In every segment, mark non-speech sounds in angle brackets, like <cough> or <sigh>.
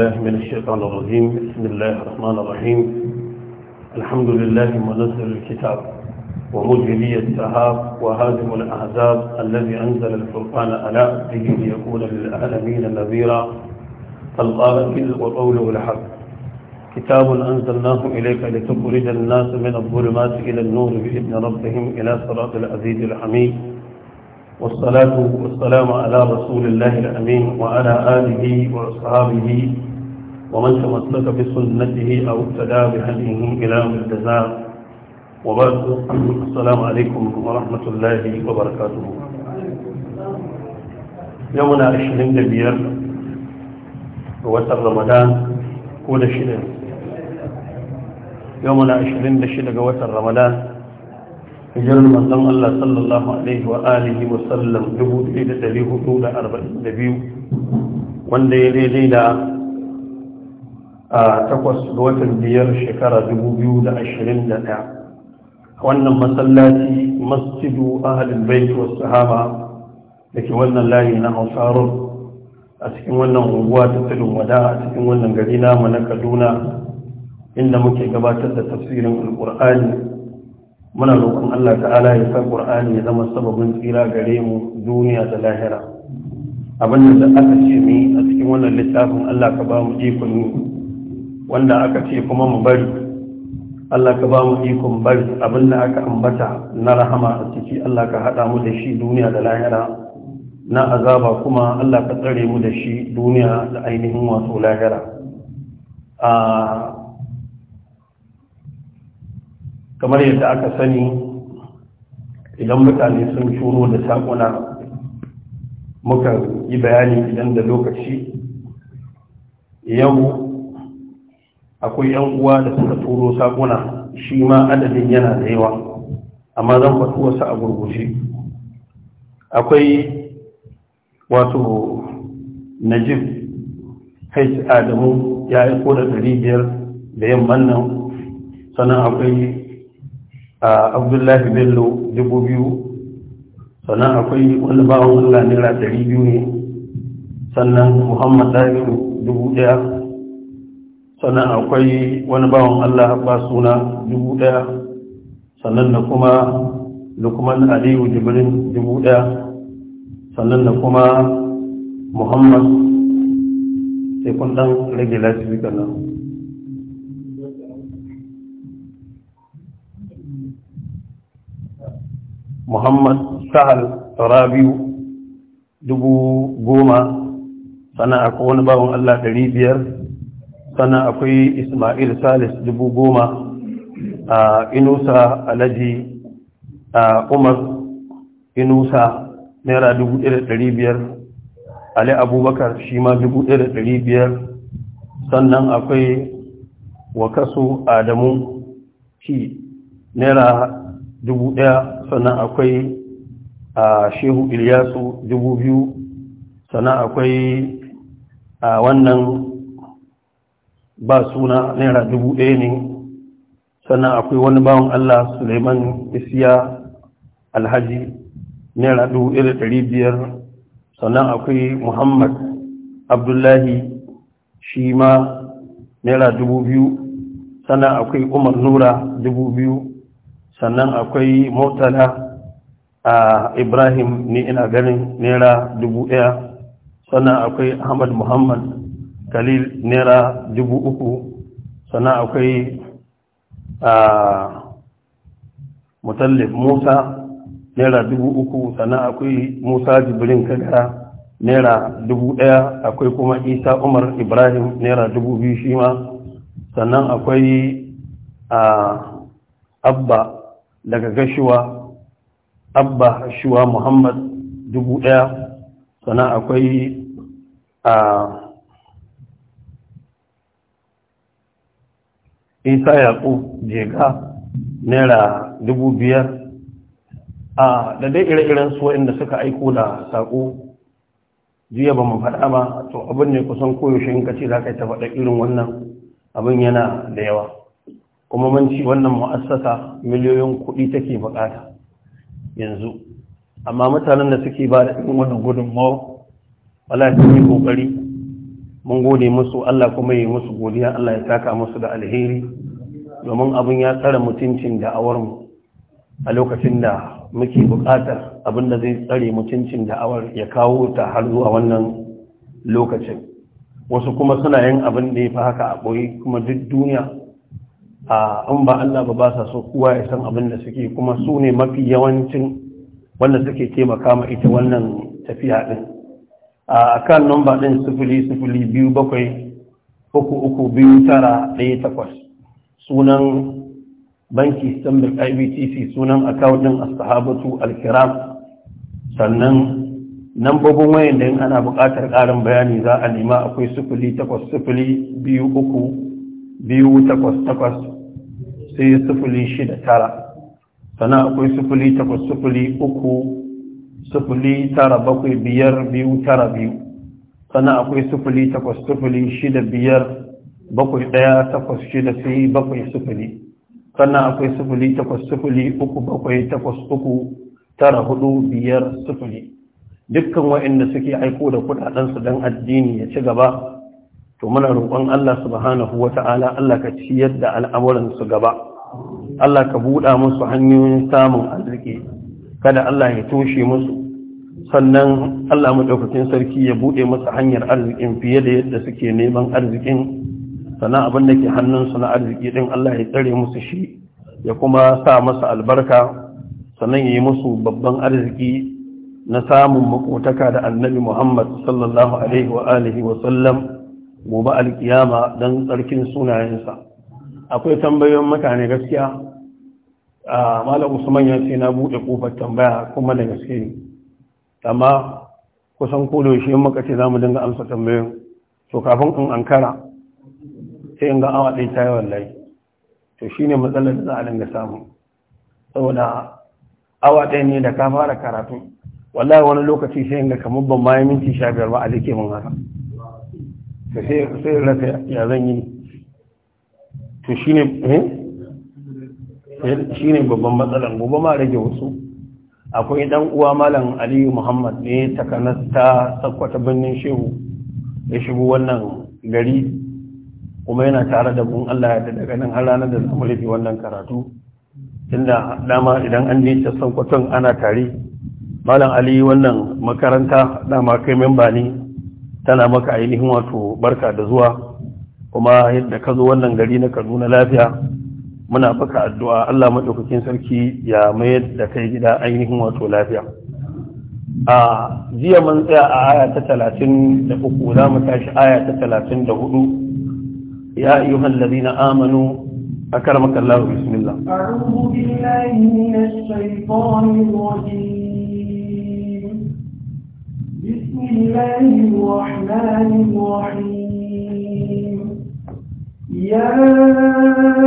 بالله من الشيطان الرجيم بسم الله الرحمن الرحيم الحمد لله منزل الكتاب ومجلي السحاب وهادم الأحزاب الذي أنزل الفرقان على عبده ليكون للعالمين نذيرا القائل وقوله الحق كتاب أنزلناه إليك لتخرج الناس من الظلمات إلى النور بإذن ربهم إلى صراط العزيز الحميد والصلاة والسلام على رسول الله الأمين وعلى آله وأصحابه ومن تمسك بسنته أو اقتدى بهديه إلى الجزاء وبعد السلام عليكم ورحمة الله وبركاته يومنا عشرين دبير وتر رمضان كل شيء يومنا عشرين دشيء وتر رمضان hijirar manzon Allah sallallahu Alaihi wa alihi wasallam 1442 wanda ya daidai da a takwas ga watan biyar shekara da da ashirin ɗaya. wannan masallaci masjidu ahalin baiti wasu sahaba da ke wannan layi na hausarun a cikin wannan unguwa ta tudun wada a cikin wannan gari namu na kaduna inda muke gabatar da tafsirin alƙur'ani muna roƙon Allah ta'ala ya sa Al-ƙur'ani ya zama sababin tsira gare mu duniya da lahira abin da aka ce mu a cikin wannan littafin Allah ka ba mu ikon wanda aka ce kuma mu bari Allah ka ba mu ikon bari abinda aka ambata na rahama a ciki Allah ka haɗa mu da shi duniya da lahira na azaba kuma Allah ka tsare mu da shi duniya da ainihin wato lahira kamar yadda aka sani idan mutane sun shuro da saƙuna muka yi bayani idan da lokaci yau akwai yan uwa da suka turo sakuna shi ma adadin yana da yawa amma zan faɗi wasu a gurguje akwai wato najib hajj adamu ya yi ko da ɗari biyar da yamman nan sannan akwai abdullahi bello dubu biyu sannan akwai wani bawon allah naira ɗari biyu ne sannan muhammad ɗari dubu ɗaya sannan akwai wani bawan Allah ba suna dubu ɗaya sannan da kuma lukman aliyu jibrin dubu ɗaya sannan da kuma muhammad sai kun ɗan rage lafi nan muhammad sahal rabiu dubu goma sannan akwai wani bawan Allah ɗari biyar sannan akwai ismail salis dubu goma a inusa alaji a umar inusa naira dubu ɗaya da ɗari biyar ali abubakar shi ma dubu ɗaya da ɗari biyar sannan akwai wakasu adamu shi naira dubu ɗaya sannan akwai a shehu ilyasu dubu biyu sannan akwai a wannan ba suna naira dubu ɗaya ne sannan akwai wani bawan allah suleiman isiya alhaji naira dubu ɗaya da ɗari biyar sannan akwai muhammad abdullahi Shima ma naira dubu biyu sannan akwai umar nura dubu biyu sannan akwai murtala a ibrahim ni ina ganin naira dubu ɗaya sannan akwai ahmad muhammad kalil nera dubu uku sannan akwai a mutallif musa nera dubu uku sannan akwai musa jibrin kagara nera dubu ɗaya akwai kuma isa umar ibrahim nera dubu biyu shi ma sannan akwai a abba daga gashuwa abba shuwa muhammad dubu ɗaya sannan akwai a isa yaƙo jega naira dubu biyar a da dai ire-iren su waɗanda suka aiko da saƙo jiya ba mu faɗa ba to abin ne kusan koyaushe in kace za ka ta faɗa irin wannan abin yana da yawa kuma mun ci wannan mu'assasa miliyoyin kuɗi take buƙata yanzu amma mutanen da suke ba da irin wannan gudunmawar wala ta yi ƙoƙari mun gode musu Allah kuma yi musu godiya Allah ya taka musu da alheri domin abin ya tsare mutuncin da'awarmu a lokacin da muke bukatar abin da zai tsare mutuncin da'awar ya kawo ta har zuwa wannan lokacin wasu kuma suna yin abin da ya fi haka a ɓoye kuma duk duniya a an ba Allah ba ba sa so kowa ya san abin da suke kuma su ne mafi yawancin wanda suke taimaka ma ita wannan tafiya ɗin a kan nomba ɗin sufuli sufuli biyu bakwai uku uku biyu tara ɗaya takwas sunan banki stanbic ibtc sunan akawudin asahabatu alkiram sannan nambobin wayan da ana buƙatar ƙarin bayani za a nema akwai sufuli takwas sufuli biyu uku biyu takwas takwas sai sufuli shida tara sannan akwai sufuli takwas sufuli uku sufuli tara bakwai biyar biyu tara biyu sannan akwai sufuli takwas sufuli shida biyar bakwai ɗaya takwas shida sai bakwai sufuli sannan akwai sufuli takwas sufuli uku bakwai takwas uku tara hudu biyar sufuli dukkan waɗanda suke aiko da kuɗaɗensu don addini ya ci gaba to muna roƙon Allah subhanahu wata'ala Allah ka ciyar da su gaba Allah ka buɗa musu hanyoyin samun arziki kada Allah ya toshe musu sannan Allah madaukakin sarki ya buɗe masa hanyar arzikin fiye da yadda suke neman arzikin sannan abin da ke hannunsu na arziki din Allah ya tsare musu shi ya kuma sa masa albarka sannan ya yi musu babban arziki na samun makotaka da annabi Muhammad sallallahu alaihi wa alihi wa sallam gobe alkiyama don tsarkin sunayensa akwai tambayoyin mutane gaskiya a ah, malam usman ya ce na buɗe kofar tambaya kuma da gaske amma kusan kodo shi muka ce za mu dinga amsa tambayin to kafin in ankara sai in ga awa ɗaya ta yi wallahi to shi ne matsalar da za a dinga samu saboda awa ɗaya ne da ka fara karatu wallahi wani lokaci sai ga kamar ban ma minti sha biyar ba a jike mun haka to sai rasa ya zan yi to shi ne eh? babban matsalar gobe ma rage wasu akwai dan uwa malam aliyu muhammad ne ta kanasta sakwata birnin shehu ya shigo wannan gari kuma yana tare da bun allah ya daga nan har ranar da zamu rufe wannan karatu tunda dama idan an je ta ana tare malam aliyu wannan makaranta dama kai memba ne tana maka ainihin wato barka da zuwa kuma yadda ka zo wannan gari na kaduna lafiya muna baka addu'a Allah maɗaukakin sarki ya mayar da kai gida ainihin wato lafiya a jiya mun tsaya a aya ta talatin da uku za mu tashi aya ta talatin da hudu ya ayyuhan na amanu أكرمك الله بسم الله بسم الله الرحمن الرحيم يا أيها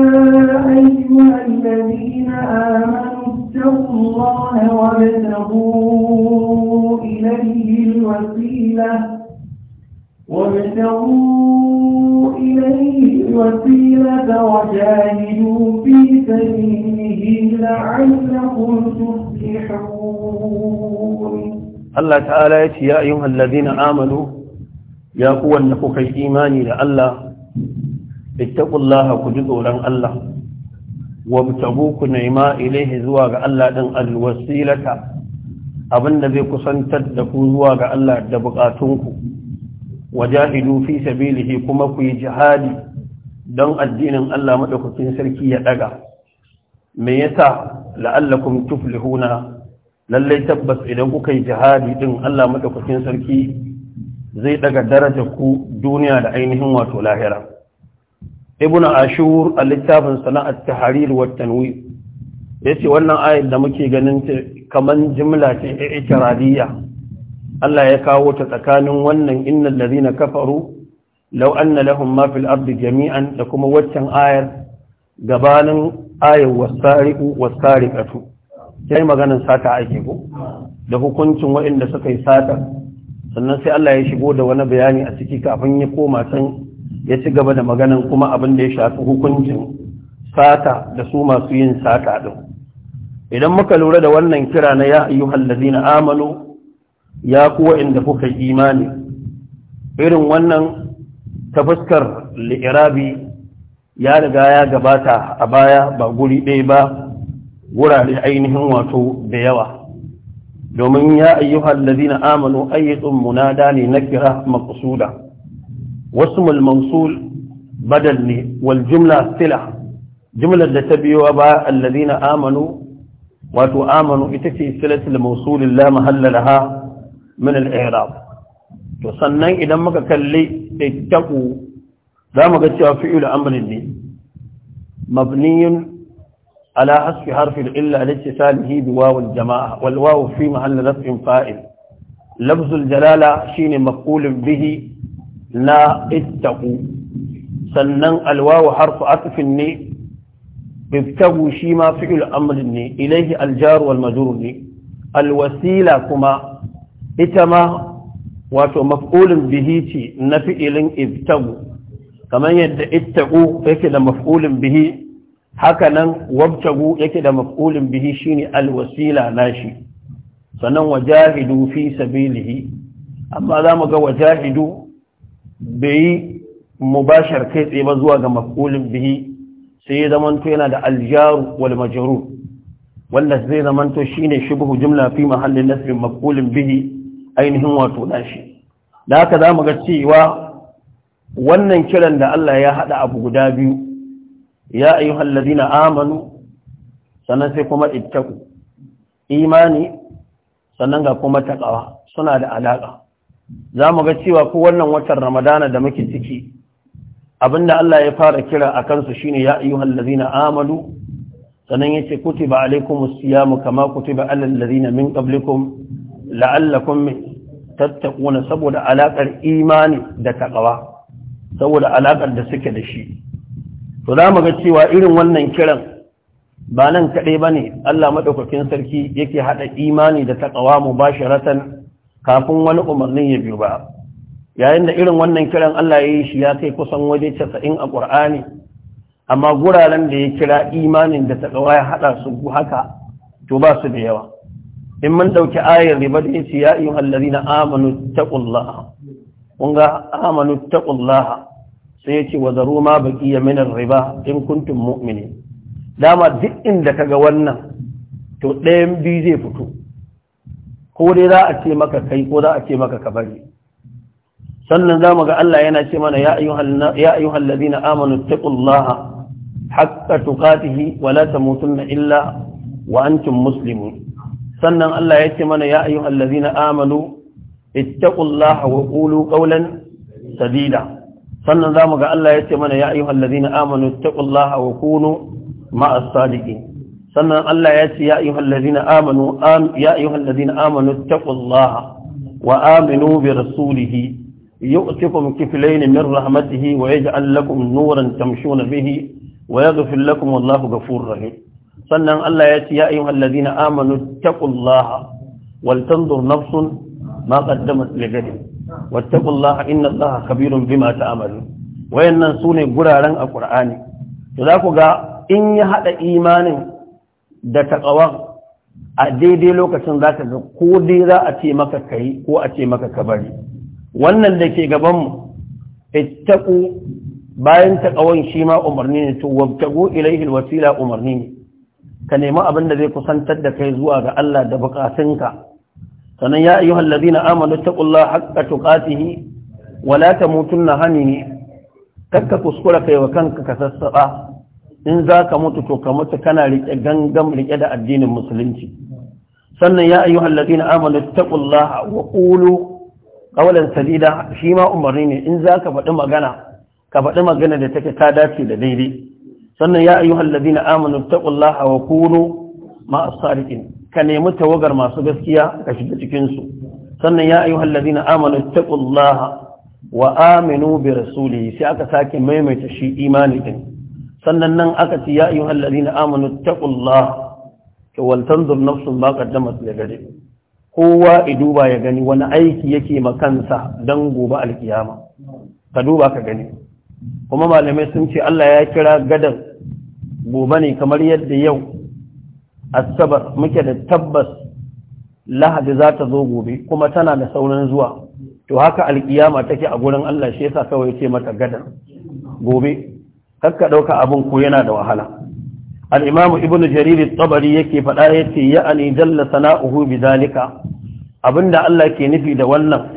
الذين آمنوا اتقوا الله وابتغوا إليه الوسيلة وابتغوا إليه الوسيلة وجاهدوا في سبيله لعلكم تفلحون الله تعالى يا أيها الذين آمنوا يا قوة أنكم في إيماني لألا kullaha ku ji tsoron Allah wabtagu ku nema ilaihi zuwa ga Allah din alwasilata abinda zai kusantar da ku zuwa ga Allah da bukatunku wajahidu fi sabilihi kuma ku yi jihadi don addinin Allah madaukakin sarki ya daga me yasa la'allakum tuflihuna lallai tabbas idan kuka yi jihadi din Allah madaukakin sarki zai daga darajar ku duniya da ainihin wato lahira ibn ashur a littafin sana'ar tahrir wa tanwir yace wannan ayar da muke ganin kaman jimla ce i'tiradiyya Allah ya kawo ta tsakanin wannan innal ladhina kafaru law anna lahum ma fil ardi jami'an da kuma waccan ayar gabanin ayar wasariqu wasariqatu sai maganin sata ake ko da hukuncin waɗanda suka yi sata sannan sai Allah ya shigo da wani bayani a ciki kafin ya koma can ya ci gaba da maganan kuma abin da ya shafi hukuncin sata da su masu yin sata ɗin idan muka lura da wannan kira na ya hallazi na amanu ya kuwa inda kuka imani irin wannan ta fuskar li'irabi ya riga ya gabata a baya ba guri ɗaya ba wurare ainihin wato da yawa domin ya hallazi na amanu ayyutsun munada ne na kira maqsuda واسم الموصول بدل والجملة سلع جملة لتبيو أبا الذين آمنوا واتو آمنوا إتكي سلة الموصول لا محل لها من الإعراب وصنن إذا ما كاللي اتقوا لا ما قد فعل أمر الدين مبني على حسب حرف العلة لاتصاله بواو الجماعة والواو في محل رفع فائل لفظ الجلالة شين مقول به na ittaku sannan alwawu harfu atfin ne ibtagu shi ma fi'il amrin ne ilaihi aljaru wal majrur ne alwasila kuma ita ma wato maf'ulun bihi ce na fi'ilin ibtagu kamar yadda ittaku yake da maf'ulun bihi haka nan wabtagu yake da maf'ulun bihi shine alwasila nashi sannan wajahidu fi sabilihi amma za mu ga wajahidu bai yi mubashar kai tsaye ba zuwa ga maf'ulin bihi sai ya zamanto yana da aljaru wal majrur wanda zai zamanto shine shubhu jumla fi mahallin nasbin maf'ulin bihi ainihin wato dashi da haka zamu ga cewa wannan kiran da Allah ya hada abu guda biyu ya ayyuhal ladina amanu sannan sai kuma ittaku imani sannan ga kuma taqwa suna da alaka za mu ga cewa ko wannan watan ramadana da muke ciki abinda Allah ya fara kira a kansu shine ya ayyuhal ladzina amalu sannan yace kutiba alaikumus siyamu kama kutiba alal ladzina min qablikum la'allakum tattaquna saboda alakar imani da taqwa saboda alakar da suke da shi to za mu ga cewa irin wannan kiran ba nan kaɗai ba ne Allah maɗaukakin sarki yake haɗa imani da takawa mu ba kafin wani umarnin ya biyu ba yayin da irin wannan kiran Allah ya yi shi ya kai kusan waje casa'in a ƙur'ani amma guraren da ya kira imanin da taƙawa ya haɗa su haka to ba su da yawa in mun ɗauki ayar riba da ya ce ya iya hallari na amanu taƙullaha kun ga amanu taƙullaha sai ya ce wa zaro ma baƙi ya minar riba in kuntum mu'mini dama duk inda ka ga wannan to ɗayan biyu zai fito ko dai za a ce maka kai ko za a ce maka ka bari sannan za mu ga Allah yana ce mana ya ayu ladina amanu taqullaha haqqa tuqatihi wa la tamutunna illa wa musulmi sannan Allah ya ce mana ya ayu ayyuhal ladina amanu ittaqullaha wa qulu qawlan sadida sannan za mu ga Allah ya ce mana ya ayu ayyuhal ladina amanu ittaqullaha wa kunu ma'as sadiqin sannan Allah ya ce ya ayyuhal ladina amanu am ya ayyuhal ladina amanu taqullaha wa aminu bi rasulihi yu'tikum kiflayn min rahmatihi wa yaj'al lakum nuran tamshuna bihi wa yaghfir lakum wallahu ghafurur rahim sannan Allah ya ce ya ayyuhal ladina amanu taqullaha wal tanzur nafsun ma qaddamat wa wattaqullaha inna Allaha khabirun bima ta'malun wayannan sune guraren alqur'ani to za ku ga in ya hada imanin da taƙawa a daidai lokacin za ka ga ko dai za a ce maka kai ko a ce maka ka bari wannan da ke gabanmu ittaku bayan taƙawan shi ma umarni ne to wabtago ilaihi wasila umarni ne ka nemi abin da zai kusantar da kai zuwa ga Allah da bukatunka sannan ya ayyuhal ladina amanu taqullaha haqqa tuqatihi wala tamutunna hani kakka kuskura kai wa kanka ka sassaba in za ka mutu to ka mutu kana riƙe gangan riƙe da addinin musulunci sannan ya ayyuhal ladina amanu taqullaha wa qulu qawlan sadida shi ma umarni ne in za ka faɗi magana ka faɗi magana da take ta dace da daidai sannan ya ayyuhal ladina amanu taqullaha wa qulu ma as-sadiqin ka nemi tawagar masu gaskiya ka shiga cikin su sannan ya ayyuhal ladina amanu taqullaha wa aminu bi rasulihi sai aka sake maimaita shi imani din sannan nan aka ce ya ayyuhal ladina amanu taqullah to wal tanzur nafsun ma qaddamat li gadi kowa i duba ya gani wani aiki yake ma kansa dan gobe alkiyama ka duba ka gani kuma malamai sun ce Allah ya kira gadan gobe ne kamar yadda yau asabar muke da tabbas lahadi za ta zo gobe kuma tana da sauran zuwa to haka alkiyama take a gurin Allah shi yasa kawai ce mata gadan gobe ka ɗauka abin ko yana da wahala al'imamu ibn jarir tabari yake faɗa ya ce ya ani jalla sana'uhu bi zalika abinda Allah ke nufi da wannan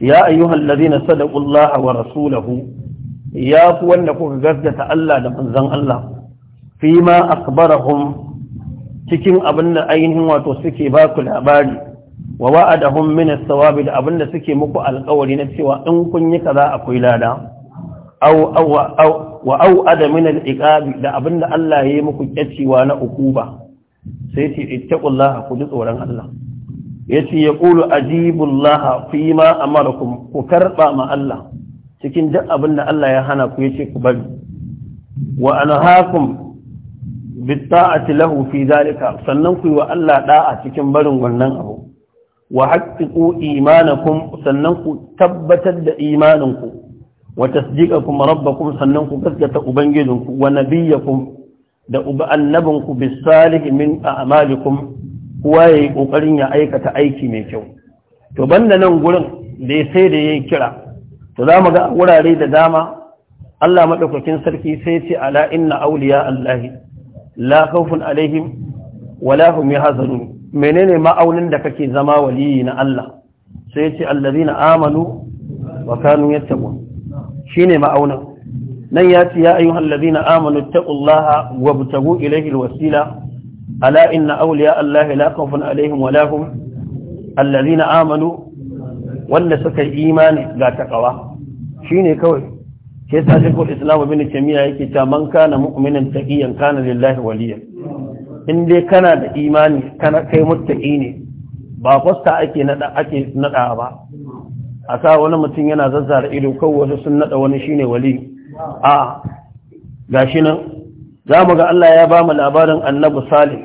ya ayyuhal ladina sadaqullaha wa rasulahu ya fi wanda kuka gaskata Allah da manzan Allah fi ma akhbarahum cikin da ainihin wato suke ba ku labari wa wa'adahum min as-sawabi da abinda suke muku alƙawari na cewa in kun yi kaza akwai lada aw aw wa au adamin al'iƙabi da abin da Allah ya yi muku ƙyacewa na ukuba sai ce ittaqullaha ku ji tsoron Allah yace ya ƙulu ajibullaha fi ma amarakum ku karba ma Allah cikin duk abin da Allah ya hana ku ya ce ku bari wa anhaakum bitta'ati lahu fi zalika sannan ku yi wa Allah da'a cikin barin wannan abu wa haqqiqu imanakum sannan ku tabbatar da imaninku wa tasdiqakum rabbakum sannan ku gaskata ubangijinku wa nabiyyakum da uba annabinku bisalih min a'malikum kowa yayi kokarin ya aikata aiki mai kyau to banda nan gurin da sai da yayi kira to zamu ga wurare da dama Allah madaukakin sarki sai ce ala inna awliya allahi la khawfun alaihim wala hum yahzanun menene ma'aunin da kake zama waliyi na Allah sai ce allazina amanu wa kanu yattaqun shine ma'aunin nan ya ce ya ayyuhal ladina amanu taqullaha wabtagu ilayhi alwasila ala inna awliya allahi la khawfun alaihim wa lahum alladhina amanu wanda suka yi imani ga takawa shine kawai ke sa shekul islam ibn tamiya yake ta man kana mu'minan taqiyan kana lillahi waliya. in dai kana da imani kana kai muttaqi ne ba kwasta ake nada ake nada ba a sa wani mutum yana zazzara ido kan wasu sun naɗa wani shine wali a gashi nan za mu ga Allah ya ba mu labarin annabi salih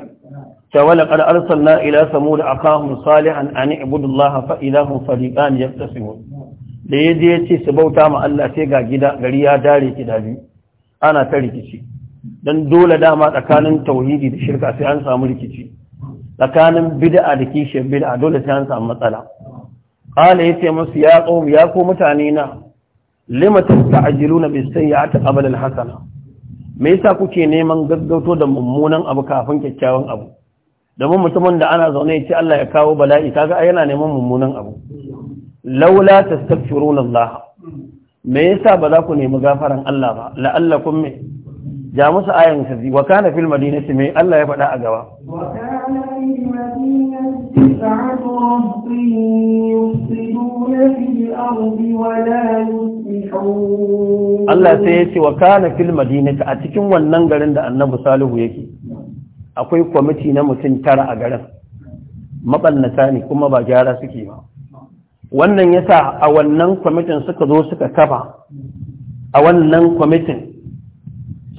Ta ولقد أرسلنا إلى ثمود أخاهم صالحا أن اعبدوا الله fa هم fariqan يختصمون da ya je ya ce su bauta ma Allah sai ga gida gari ya dare ki da ana ta rikici dan dole dama tsakanin tauhidi da shirka sai an samu rikici tsakanin bid'a da kishiyar bid'a dole sai an samu matsala ya ce musu ya qawm ya ko mutane na lima tasta'jiluna bis ya ta ƙabalin hasana me yasa kuke neman gaggauto da mummunan abu kafin kyakkyawan abu domin mutumin da ana zaune ya ce Allah ya kawo bala'i kaga ai yana neman mummunan abu laula tastaghfiruna Allah me yasa ba za ku nemi gafaran Allah ba la'allakum me ja musu ayan kazi wa kana fil madinati me Allah ya faɗa a gaba wa kana fil madinati allah sai ya cewa wa kana fil سيأتي a cikin wannan garin da Annabi Salihu yake akwai kwamiti na mutum tara a garin maballata ne kuma ba gyara suke ba wannan yasa a wannan kwamitin suka zo suka kafa a wannan kwamitin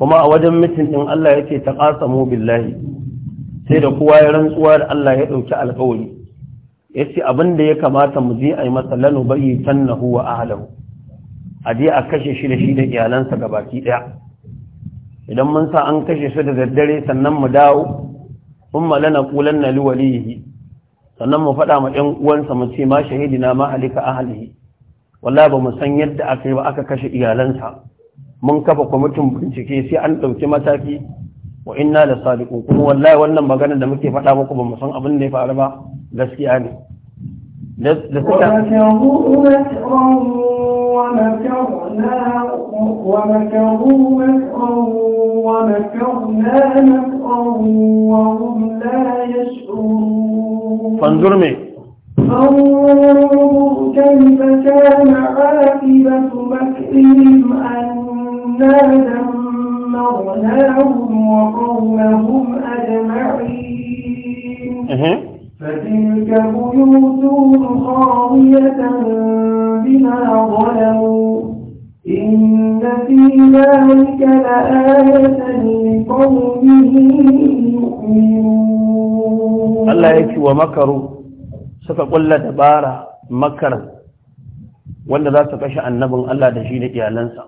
kuma a wajen mitin ɗin Allah yake ta qasamu billahi sai da kowa ya rantsuwa da Allah ya ɗauki alƙawari yace abin da ya kamata mu je a yi masa lanu bayi tannahu wa ahlihi a je a kashe shi da shi da iyalansa baki ɗaya. idan mun sa an kashe shi da daddare sannan mu dawo umma lana qulanna liwalihi sannan mu faɗa ma ɗan uwansa mu ce ma shahidina ma alika ahalihi wallahi ba mu san yadda aka yi ba aka kashe iyalansa mun kafa kwamitin bincike sai an ɗauki mataki wa inna da sadiqun kuma wallahi wannan magana da muke faɗa muku ba mu san abin da ya faru ba gaskiya ne da suka ومكروا مكرا ومكرنا مكرا وهم لا يشعرون فانظر مي makaru suka kulla dabara makaran wanda za su kashe annabin Allah da shi da iyalansa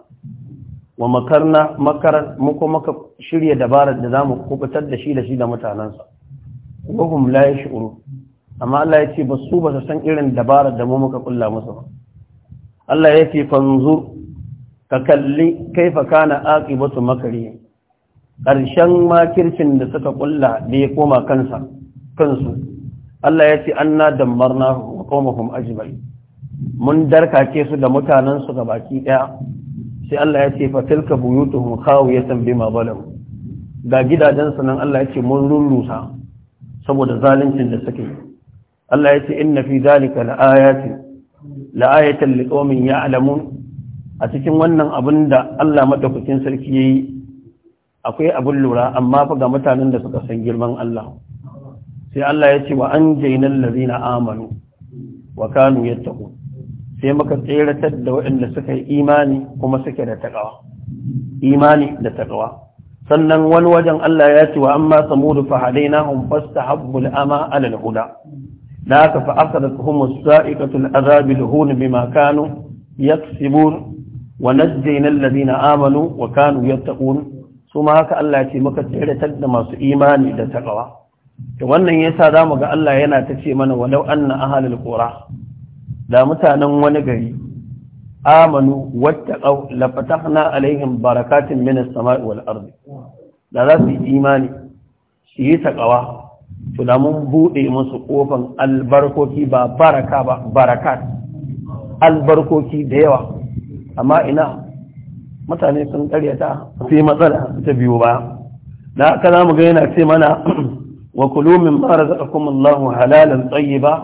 wa makarna makaran muka ka shirya dabarar da zamu kubutar da shi da shi da mutanansa wa la yash'uru amma Allah ya ce ba su ba su san irin dabarar da mu muka kulla musu ba Allah ya ce fanzur ka kalli kaifa kana aqibatu makari ƙarshen makircin da suka kulla da ya koma kansa kansu Allah ya ce an anna da wa qaumahum ajimai. mun darkace su da mutanensu ga baki ɗaya. sai Allah ya ce fatilka ya khawiyatan bima balam ga gidajen nan Allah ya ce mun rurrusa saboda zaluncin da suke Allah ya ce inna fi zalika laayatin laayatan liqaumin ya'lamun a cikin wannan abin da Allah madaukakin sarki yayi akwai abin lura amma fa ga mutanen da suka san girman Allah sai Allah ya ce wa an jainan ladina amanu wa kanu yattaqun sai muka tseratar da waɗanda suka yi imani kuma suke da takawa imani da sannan wani wajen Allah ya ce wa amma samud fa hadainahum fastahabbu al-ama ala al-huda da haka fa asaratuhum as-sa'iqatu al da al-hun bima kanu yaksibun wa najjayna alladhina amanu wa kanu yattaqun su ma haka Allah ya ce muka tseratar da masu imani da takawa Da wannan yasa mu ga Allah yana ta ce mana walau anna ahlul qura da mutanen wani gari amanu wattaqaw la fatahna alaihim barakatin minas sama'i wal ardi da za su imani su yi taqawa to da mun bude musu kofan albarkoki ba baraka ba barakat albarkoki da yawa amma ina mutane sun karyata sai matsala ta biyo ba da haka mu ga yana ce mana وكلوا من ما رزقكم الله حلالا طيبا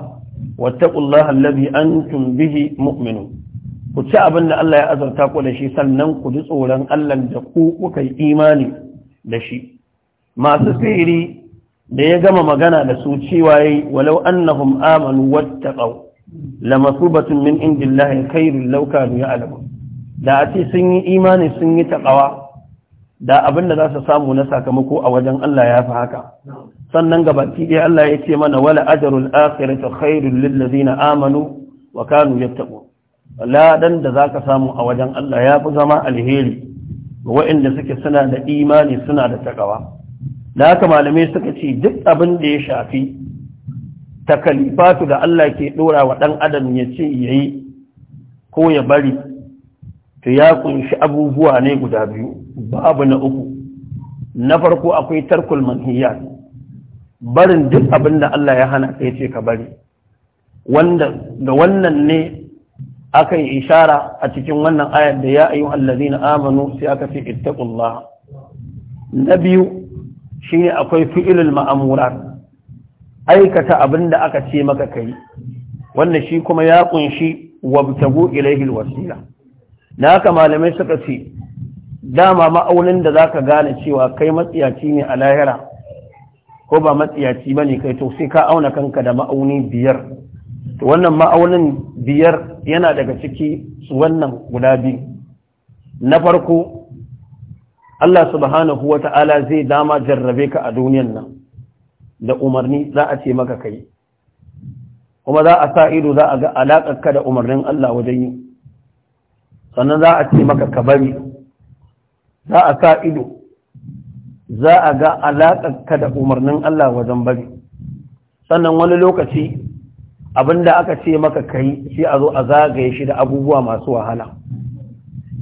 واتقوا الله الذي انتم به مؤمنون وتشا ابن الله يا ازرتا كو دشي sannan ku ji tsoran Allah da ku kuka imani da shi masu sihiri da ya gama magana da su cewa yayi walau annahum amanu wattaqu lamasubatun min indillahi khairul law kanu ya'lamun da a ce sun yi imani sun yi taqawa da abin da za su samu na sakamako a wajen Allah ya fi haka sannan gabaki ɗaya Allah ya ce mana wala ajrul akhirati khairul lil ladina amanu wa kanu yattaqun dan da zaka samu a wajen Allah ya fi zama alheri ga waɗanda suke suna da imani suna da takawa da haka malamai suka ce duk abin da ya shafi takalifatu da Allah ke dora wa dan adam ya ce yayi ko ya bari to ya kunshi abubuwa ne guda biyu babu na uku na farko akwai tarkul manhiyat barin duk abin da Allah ya hana ka ce ka bari wanda da wannan ne aka yi ishara a cikin wannan ayar da ya ayyuha allazina amanu sai aka ce ittaqullah na biyu shine akwai fi'ilul ma'amura aikata abin da aka ce maka kai wannan shi kuma ya kunshi wabtagu ilaihil wasila. na haka malamai suka ce dama ma'aunin da za ka gane cewa kai matsiyaci ne a lahira ko ba matsiyaci ba ne kai to sai ka auna kanka da ma'auni biyar to wannan ma'aunin biyar yana daga ciki wannan guda biyu na farko Allah subhanahu wa ta'ala zai dama jarrabe ka a duniyan nan da umarni za a ce maka kai kuma za a sa ido za a ga alaƙarka da umarnin Allah wajen yi sannan za a ce maka ka bari za a sa ido za a ga alaƙa ka da umarnin Allah wajen bari sannan wani lokaci abinda aka ce maka kai sai a zo a zagaye shi da abubuwa masu wahala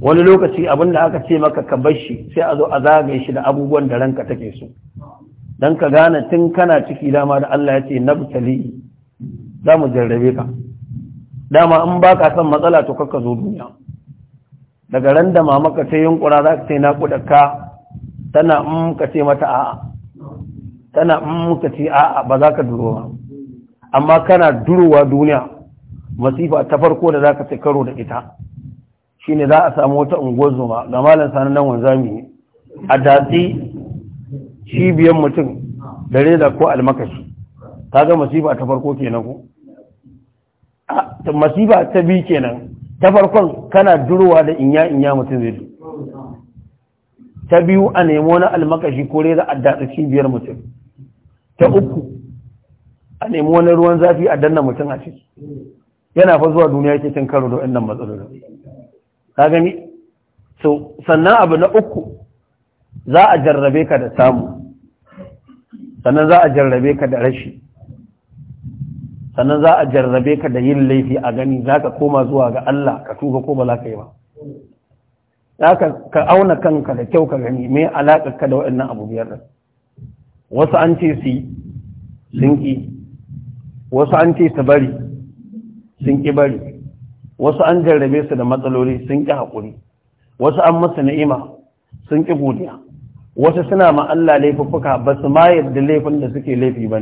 wani lokaci abinda aka ce maka ka bar shi sai a zo a zagaye shi da abubuwan da ranka take so dan ka gane tun kana ciki dama da Allah ya ce nabtali za mu jarrabe ka dama in ba ka son matsala to kakka zo duniya daga ran da mamaka ta yunkura za ka ce na kuɗa ka tana in ka ce mata a'a tana in ka ce a'a ba za ka duro ba amma kana durowa duniya masifa ta farko da za ka ce karo da ita ne za a samu wata unguwar ga malam sanar nan zami a datsi cibiyar mutum da reda ko almakashi ta ga masifa ta farko kenan ku masifa ta bi kenan ta farkon kana durowa da inya inya mutum zai ta biyu a nemo na almakashi ko reza a datsa cibiyar mutum ta uku a nemo wani ruwan zafi a danna mutum a ciki yana fa zuwa duniya yake cin karo da wannan matsalar. ka gani so sannan abu na uku za a jarrabe ka da samu sannan za a jarrabe ka da rashi sannan za a jarrabe ka da yin laifi a gani za ka koma zuwa ga Allah ka tuba ko ba za ka yi ba za ka auna kanka da kyau ka gani me alaƙa ka da waɗannan abu biyar wasu an ce su sun ki wasu an ce su bari sun ki bari wasu an jarrabe su da matsaloli sun ki haƙuri wasu an musu ni'ima sun ki godiya wasu suna ma Allah laifuffuka ba su ma yadda laifin da suke laifi ba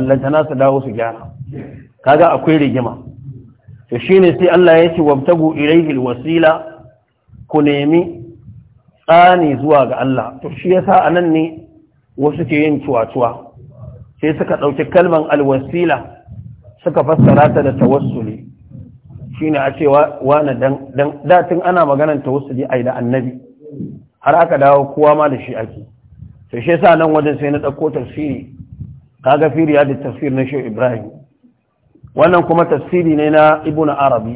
ne na su dawo su gyara kaga akwai rigima to shine sai Allah ya ce wabtagu ilayhi Wasila. ku nemi tsani zuwa ga Allah to shi yasa anan ne wasu ke yin cuwa-cuwa sai suka ɗauki kalman alwasila suka fassara ta da tawassuli shine a cewa wani dan datin ana maganar tawassuli a da annabi har aka dawo kowa ma da shi ake to shi yasa nan wajen sai na ɗauko tafsiri kaga firiya da tafsir na Shehu Ibrahim wannan kuma tafsiri ne na ibuna Arabi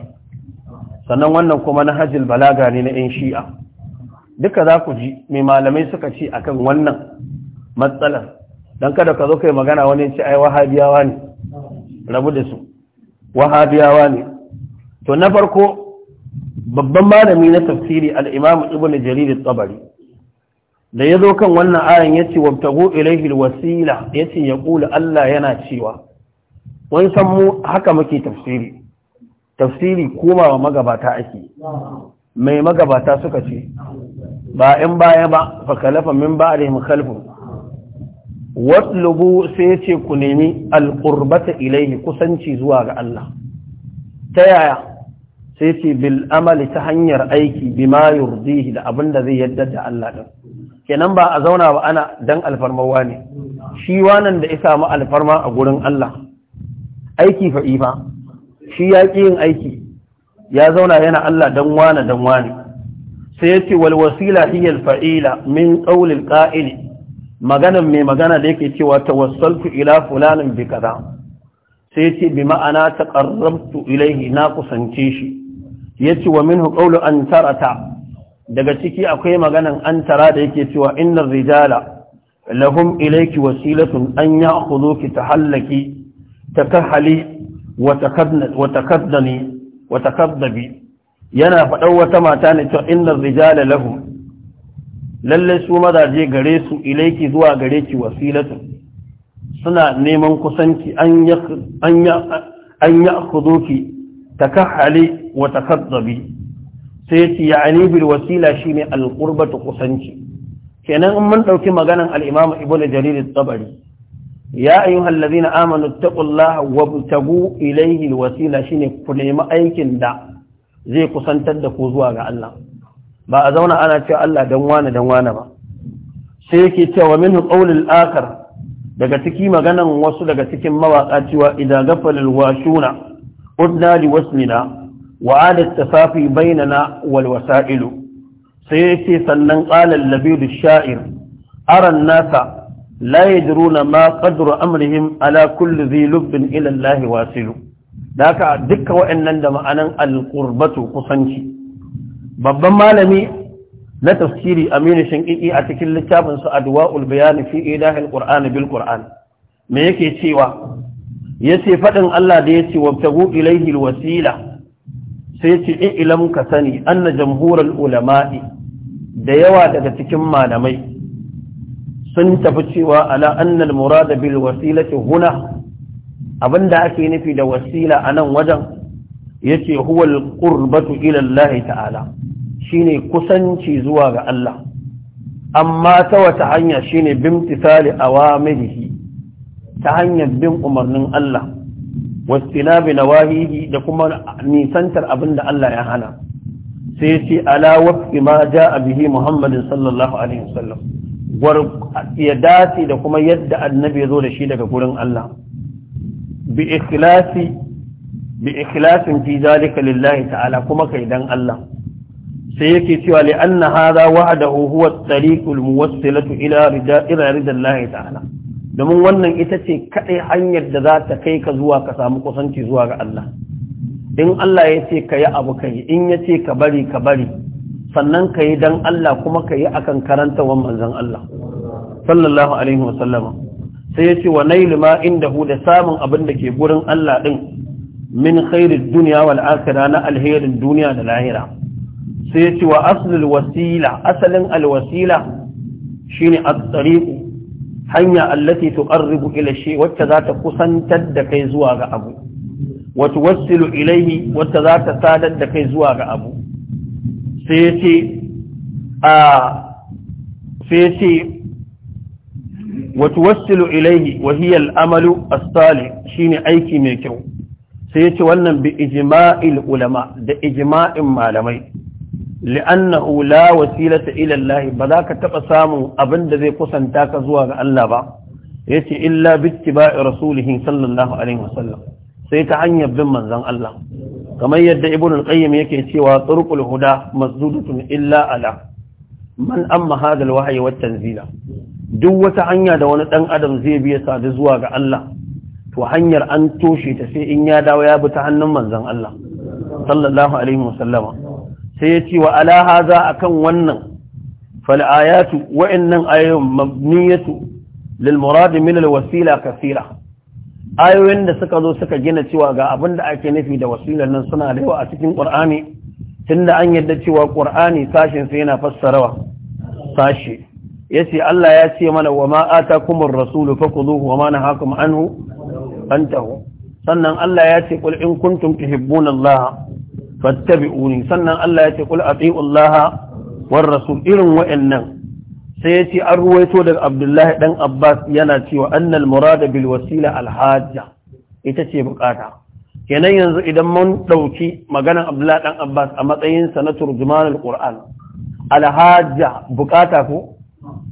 sannan wannan kuma na hajjil balaga ne na 'yan shi'a duka za ku ji mai malamai suka ce akan wannan matsalar don kada ka zo kai magana wani ce ai wahabiyawa ne rabu da su wahabiyawa ne to na farko babban malami na tafsiri al'imamu ibn jarir tsabari da ya zo kan wannan ayan ya ce wabtago ilaihil wasila ya ce ya ƙula Allah yana cewa wani san mu haka muke tafsiri tafsiri komawa magabata ake mai magabata suka ce ba in baya ba fakalafa kalafa min ba alaihim khalfu watlubu sai ce ku nemi alqurbata ilaihi kusanci zuwa ga Allah ta yaya sai ce bil amali ta hanyar aiki bima yurdihi da da zai yadda da Allah din kenan ba a zauna ba ana dan alfarmawa ne shi wanan da ya samu alfarma a gurin Allah aiki ifa. shi ya yin aiki ya zauna yana Allah dan wane dan wane sai yace wal wasila hiya al fa'ila min qawl al qa'il maganan mai magana da yake cewa tawassaltu ila fulanin bi kaza sai yace bi ma'ana taqarrabtu ilayhi na kusance shi yace wa minhu qawlu an tarata daga ciki akwai maganan an tara da yake cewa innar rijala lahum ilayki wasilatun an ya'khudhuki tahallaki takahali wata yana faɗar wata mata ne ta inna rijala lahu lalle su mazaje gare su ilaiki zuwa gare ki wasilatu suna neman kusanci an ya kuduki ta kahale wa sai ce ya anibil wasila shine alƙurbatu kusanci kenan in mun ɗauki maganan al'imamu ibn jarir tabari ya ayyuhal ladina amanu taqullaha wabtagu ilayhi alwasila shine ku nemi aikin da zai kusantar da ku zuwa ga Allah ba a zauna ana cewa Allah dan wana dan wana ba sai yake cewa minhu qawlul akhar daga ciki maganan wasu daga cikin mawaka cewa idza ghafalul washuna udna li wasnina wa adat tasafi bainana wal wasailu sai yake sannan qala al-labid ash-sha'ir aran nasa la yadruna ma qadru amrihim ala ilallahi dhi lubbin ila Allah wasilu daka dukkan wa'annan da ma'anan al-qurbatu kusanci babban malami na tafsiri Aminu Shinkiki a cikin littafin sa Adwa'ul Bayan fi Ilahil Qur'an bil Qur'an me yake cewa yace faɗin Allah da yace wabtagu ilaihi al-wasila sai yace in ilam sani anna jamhurul ulama'i da yawa daga cikin malamai sun tafi cewa ala annal murada bil wasilati huna abinda ake nufi da wasila a nan wajen yace huwa al qurbatu ila Allah ta'ala shine kusanci zuwa ga Allah amma ta wata hanya shine bimtisali awamirihi ta hanyar bin umarnin Allah wasila bi nawahihi da kuma nisantar abinda Allah ya hana sai yace ala wafi ma ja'a bihi Muhammadin sallallahu alaihi wasallam ya dace da kuma yadda annabi ya zo da shi daga gurin Allah bi ikhlasi bi ikhlasin fi zalika lillahi ta'ala kuma kai dan Allah sai yake cewa li anna hadha wa'dahu huwa at-tariqul muwassilatu ila rida ila ridallahi ta'ala domin wannan ita ce kadai hanyar da za ta kai ka zuwa ka samu kusanci zuwa ga Allah in Allah ya ce ka yi abu kai in ya ce ka bari ka bari sannan ka yi don Allah kuma ka yi akan karanta wa manzan Allah sallallahu alaihi wasallama sai ya ce wa nailu ma inda hu da samun abin da ke gurin Allah din min khairin duniya wal akhirah na alherin duniya da lahira sai ya ce wa aslul wasila asalin alwasila shine at-tariqu hanya allati tuqarribu ila shay wacce za ta kusantar da kai zuwa ga abu wata wasilu ilaihi wacce za ta sadar da kai zuwa ga abu sai ce a sai ce wata wasilu ilaihi wahiyar amalu asali shine aiki mai kyau sai ce wannan bi ijma'il ulama da ijima'in malamai li'annahu la wasilata ilallahi ba za ka taɓa samun abin da zai kusanta ka zuwa ga Allah ba yace illa bi ittiba'i rasulih sallallahu alaihi wasallam sai ta hanyar bin manzon Allah kamar yadda ibn al-qayyim yake cewa turqul huda masdudatun illa ala man amma hadha al-wahyi wat tanzila duk wata hanya da wani dan adam zai biya sadu zuwa ga Allah to hanyar an toshe ta sai in ya dawo ya bi ta hannun manzon Allah sallallahu alaihi wasallama sai ya ce wa ala a akan wannan fal ayatu wa innan ayatun mabniyatu lil murad min al wasila kathira ayoyin da suka zo suka gina cewa ga abin da ake nufi da wasilar nan suna da yawa a cikin ƙur'ani tunda an yadda cewa ƙur'ani sashin sai yana fassarawa sashi ce Allah ya ce mana wa ma atakumur rasulu fakhuduhu wa ma nahakum anhu fantahu sannan Allah ya ce qul in kuntum tuhibbunallaha fattabi'uni sannan Allah ya ce qul atiiu Allah war rasul irin wa'annan sai ya ce an ruwaito daga abdullahi ɗan abbas yana cewa annal murada bil wasila alhajja ita ce bukata kenan yanzu idan mun ɗauki maganar abdullahi ɗan abbas a matsayin sa na turjumanul qur'an alhajja bukata ko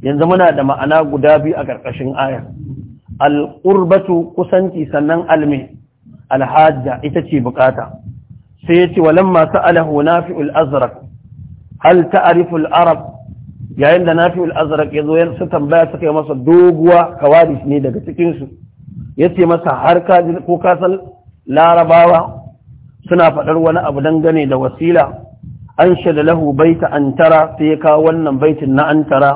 yanzu muna da ma'ana guda biyu a ƙarƙashin ayar alqurbatu kusanci sannan almi alhajja ita ce bukata sai ya ce walamma sa'alahu nafi'ul azrak hal ta'rifu al arab yayin da nafi azraq ya zo ya su tambaya suka yi masa doguwa kawaris ne daga cikin su yace masa har ka ko ka larabawa suna faɗar wani abu dangane da wasila an shada lahu baita antara sai ya kawo wannan baitin na antara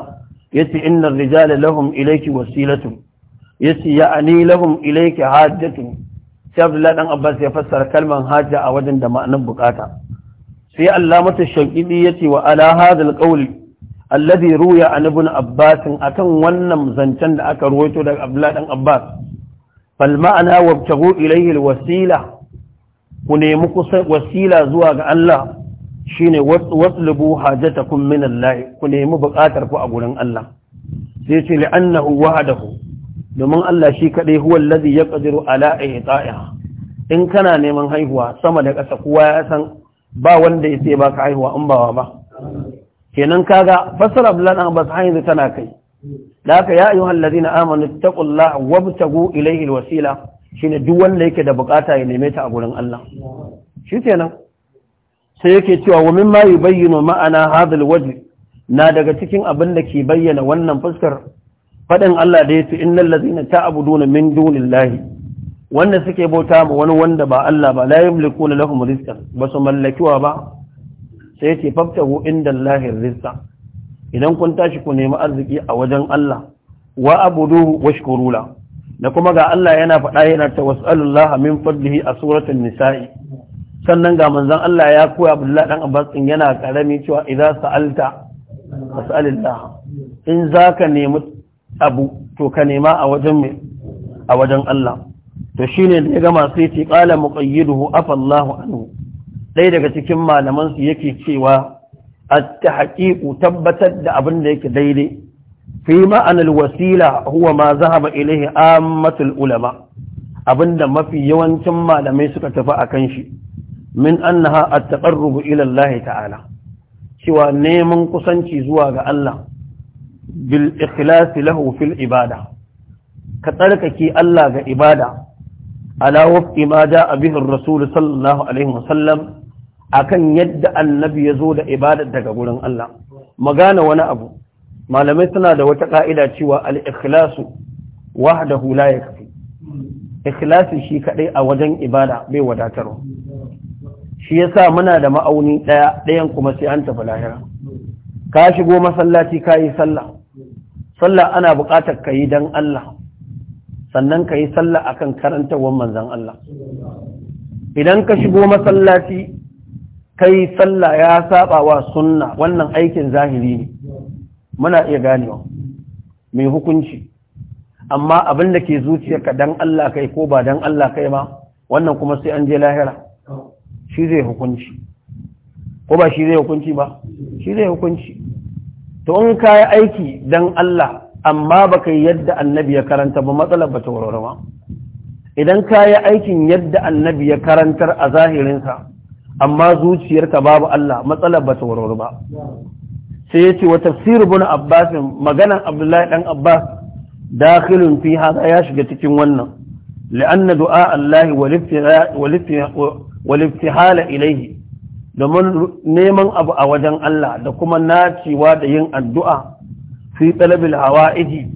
yace inna rijala lahum ilayki wasilatu yace ya'ani lahum ilayki hajjatu sai Abdullahi dan Abbas ya fassara kalman hajja a wajen da ma'anar bukata sai Allah mata ya yace wa ala hadal qawli alladhi ruya an ibn abbas akan wannan zancen da aka ruwaito daga abdullahi dan abbas fal ma'ana wabtagu ilayhi alwasila wasila zuwa ga Allah shine waslubu hajatakum min Allah ku nemi buƙatar ku a gurin Allah sai ce li'annahu wa'adahu domin Allah shi kadai huwa ya yaqdiru ala ihta'iha in kana neman haihuwa sama da ƙasa kowa ya san ba wanda ya baka haihuwa in ba ba kenan kaga fassara Abdullahi dan Abbas hanyar tana kai da haka ya ayyuhal ladina amanu taqullaha wabtagu ilayhi alwasila shine duk wanda yake da bukata ya neme ta a gurin Allah Shi kenan. sai yake cewa wa mimma yubayyinu ma'ana hadha alwajh na daga cikin abin da ke bayyana wannan fuskar fadin Allah da yace innal ladina ta'buduna min dunillahi wanda suke bauta ma wani wanda ba Allah ba la yamlikuna lahum rizqan basu mallakiwa ba sai ce fabtahu inda Allahin rizqa idan kun tashi ku nemi arziki a wajen Allah wa abudu washkuru la da kuma ga Allah yana faɗa yana ta was'alullaha min fadlihi a suratul nisa'i sannan ga manzon Allah ya koya Abdullahi dan Abbas din yana karami cewa idza sa'alta fas'alillah in zaka nemi abu to ka nema a wajen mai a wajen Allah to shine da ya gama sai ce qala muqayyiduhu afa anhu ɗaya daga cikin malamansu yake cewa a ta haƙiƙu tabbatar da abin da yake daidai fi ma'anar wasila huwa ma za ha ilahi ammatul ulama abin da mafi yawancin malamai suka tafi a kan shi min annaha ha a taɓarrubu ilallahi ta'ala cewa neman kusanci zuwa ga Allah bil ikhlasi lahu fil ibada ka tsarkake Allah ga ibada ala wafi ma ja'a bihin rasulu sallallahu alaihi wasallam akan yadda annabi ya zo da ibadar daga gurin Allah magana wani abu malamai suna da wata ka'ida cewa al-ikhlasu wahdahu la yakfi ikhlasi shi kadai a wajen ibada bai wadatarwa shi yasa muna da ma'auni ɗaya, dayan kuma sai an tafi lahira ka shigo masallaci kayi sallah sallah ana buƙatar kayi dan Allah sannan ka yi sallah akan karantawar manzan Allah idan ka shigo masallaci kai sallah ya saba wa sunna wannan aikin zahiri ne muna iya ganewa mai hukunci amma abin da ke zuciyarka dan Allah kai ko ba dan Allah kai ba wannan kuma sai an je lahira shi zai hukunci ko ba shi zai hukunci ba shi zai hukunci to in ka yi aiki dan Allah amma ba yadda annabi ya karanta ba matsalar ba ta idan ka yi aikin yadda annabi ya karantar a zahirinsa amma zuciyarta babu Allah matsalar bata ta warware ba sai yace wa tafsir ibn Abbas maganan Abdullahi ɗan Abbas Dakilin fi hada ya shiga cikin wannan لأن دعاء الله والافتحال إليه domin neman abu a wajen Allah da kuma nacewa da yin addu'a fi talabil hawa'iji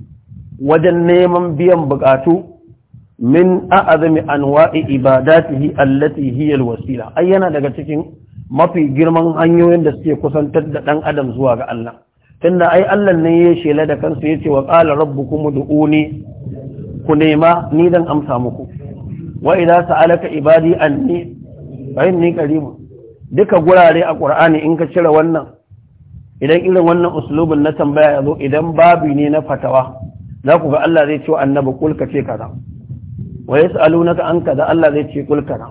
wajen neman biyan bukatu min a'azami anwa'i ibadatihi allati hiya alwasila ai yana daga cikin mafi girman hanyoyin da suke kusantar da dan adam zuwa ga Allah tunda ai Allah ne ya shela da kansa yace wa qala rabbukum ud'uni ku nema ni dan amsa muku wa idza sa'alaka ibadi anni fa inni qarib duka gurare a qur'ani in ka cire wannan idan irin wannan uslubin na tambaya yazo idan babu ne na fatawa za ku ga Allah zai ce wa annabi kul ka ce kaza wa yas'alunaka an kaza Allah zai ce kul kaza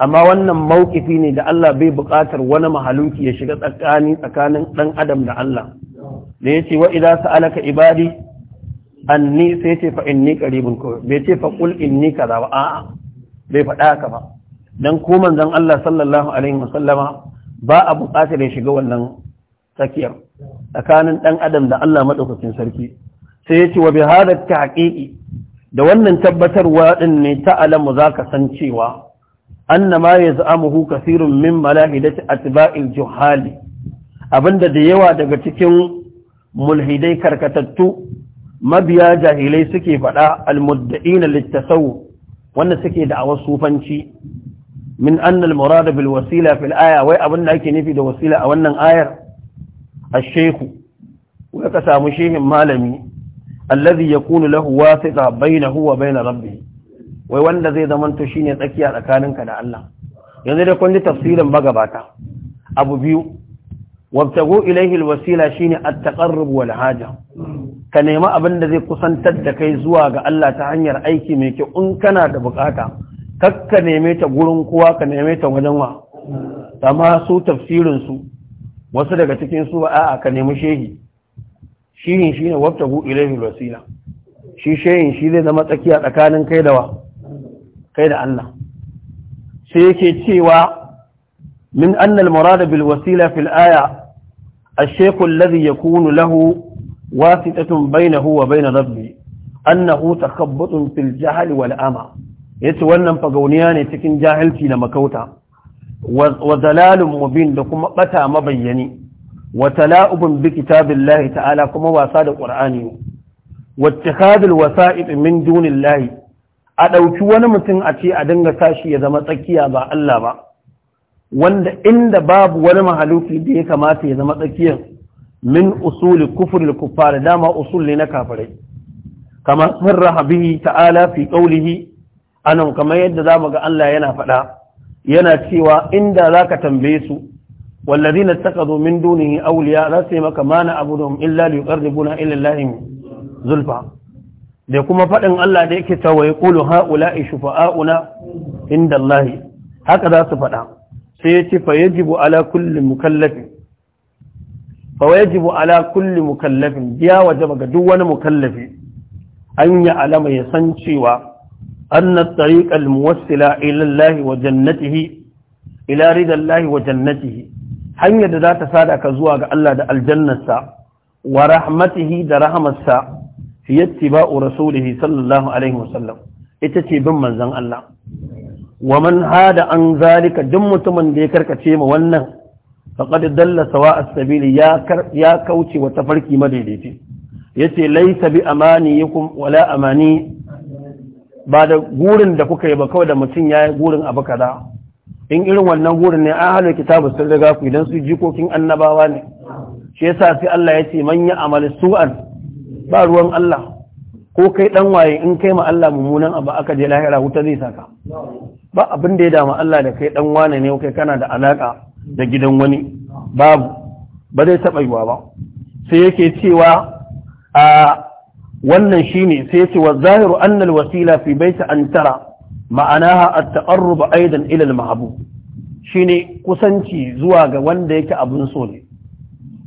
amma wannan mawkifi ne da Allah bai buƙatar wani mahalunki ya shiga tsakani tsakanin dan adam da Allah da yace wa idza sa'alaka ibadi anni sai ce fa inni qaribun ko bai ce fa kul inni kaza ba a'a bai faɗa haka ba dan ko manzon Allah sallallahu alaihi wasallama ba a buƙatar ya shiga wannan tsakiyar tsakanin dan adam da Allah madaukakin sarki sai yace wa bi hadha tahqiqi da wannan tabbatarwa din ne ta alamu zaka san cewa annama yaz'amuhu kasirun min malahidati atba'il juhali abinda da yawa daga cikin mulhidai karkatattu mabiya jahilai suke faɗa almudda'ina littasawuf wanda suke da awar sufanci min annal murada bil wasila fil aya wai abin da ake nufi da wasila a wannan ayar ash-shaykhu wai ka samu shehin malami allazi yakunu lahu wasita bainahu wa bain rabbih wai wanda zai zamanto shine tsakiya tsakaninka da Allah yanzu da kun ji tafsirin bagabata abu biyu wabtagu ilayhi alwasila shine at-taqarrub wal haja ka nemi abin da zai kusantar da kai zuwa ga Allah ta hanyar aiki mai kyau in kana da bukata kakka neme ta gurin kowa ka neme ta wajen wa amma su tafsirin su wasu daga cikin su a'a ka nemi shehi shirin shi ne wabta gu ilaihil wasila shi shayin shi zai zama tsakiya tsakanin kai da wa kai da Allah sai yake cewa min annal murada bil wasila fil aya الشيخ الذي يكون له واسطة بينه وبين ربه أنه تخبط في الجهل والأمى يتولى فقونيان تكن جاهلتي لمكوتا وزلال مبين لكم قتا مبيني wa tala'ubun bi kitabillahi ta'ala kuma wasa da qur'ani wattakhadul wasa'id min dunillahi a ɗauki wani mutum a ce a dinga kashi ya zama tsakiya ba Allah ba wanda inda babu wani mahaluki da ya kamata ya zama tsakiyar min usuli kufr al-kuffar dama usul ne na kafirai kama sirra bihi ta'ala fi qawlihi anan kamar yadda zamu ga Allah yana faɗa yana cewa inda ka tambaye su والذين اتخذوا من دونه اولياء لا سيما كما نعبدهم الا ليقربونا الى الله زلفى da kuma faɗin Allah da yake cewa ya kulu haula shufa'una haka za su fada sai ya ce fa yajibu ala kulli mukallafin fa yajibu biya wajaba ga duk wani mukallafi an ya alama ya san cewa anna tariqal muwassila ila Allah wa jannatihi ila hanyar da za ta sada ka zuwa ga Allah da aljannarsa wa rahmatihi da rahamarsa fi yattiba'u rasulihi sallallahu alaihi wasallam ita ce bin manzon Allah wa man hada an zalika duk mutumin da ya karkace ma wannan faqad dalla sawa'a sabili ya ya kauce wa tafarki madaidaici yace laysa bi amaniyikum wala amani ba da gurin da kuka yi ba kawai da mutum ya yi gurin abu kaza in irin wannan gurin ne ahlul kitabu sun riga ku idan su jikokin annabawa ne shi yasa sai Allah ya ce man ya amali su'an ba ruwan Allah ko kai dan waye in kai ma Allah mummunan abu aka je lahira wuta zai saka ba abin da ya dama Allah da kai dan wane ne kai kana da alaka da gidan wani babu ba zai taɓa yiwa ba sai yake cewa a wannan shine sai yace wa zahiru annal wasila fi baiti an tara ma'anaha a taƙarru aidan ilil mahabu. mahbub shine kusanci zuwa ga wanda yake abun so ne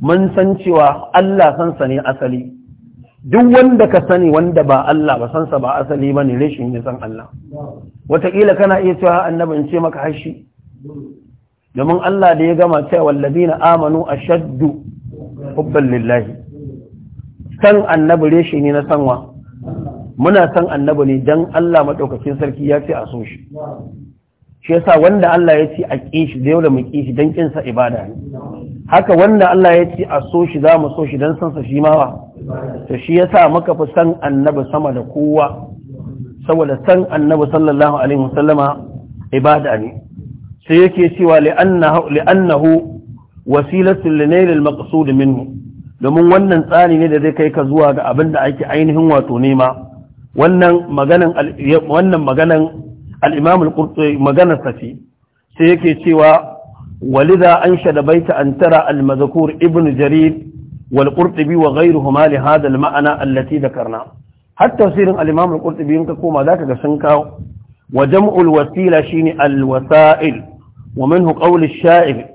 mun san cewa Allah san sa ne asali duk wanda ka sani wanda ba Allah ba san sa ba asali ne, rashin ne san Allah wataƙila kana iya cewa annabi in ce maka hashi domin Allah da ya gama cewa wallazina amanu ashaddu hubban lillahi san annabi reshe ne na sanwa muna san annabi ne dan Allah madaukakin sarki ya ce a so shi shi yasa wanda Allah ya ce a ƙi shi dole mu ƙi shi dan kin ibada ne haka wanda Allah ya ce a so shi za mu so shi dan san sa shi ma ba to shi yasa muka fi san annabi sama da kowa saboda san annabi sallallahu alaihi wasallama ibada ne sai yake cewa li'annahu li'annahu wasilatu linail al-maqsud minhu domin wannan tsari ne da zai kai ka zuwa ga abin da ake ainihin wato nema wannan maganan wannan maganan al-imam maganar safi sai yake cewa an anshada baita an tara al-madhkur ibn jarir wal-qurtubi wa ghayruhuma li hadha al-ma'na allati dhakarna har tafsirin al-imam al-qurtubi in ka koma zaka ga sun kawo wa jam'ul wasila shine al-wasa'il wa minhu qawl ash-sha'ir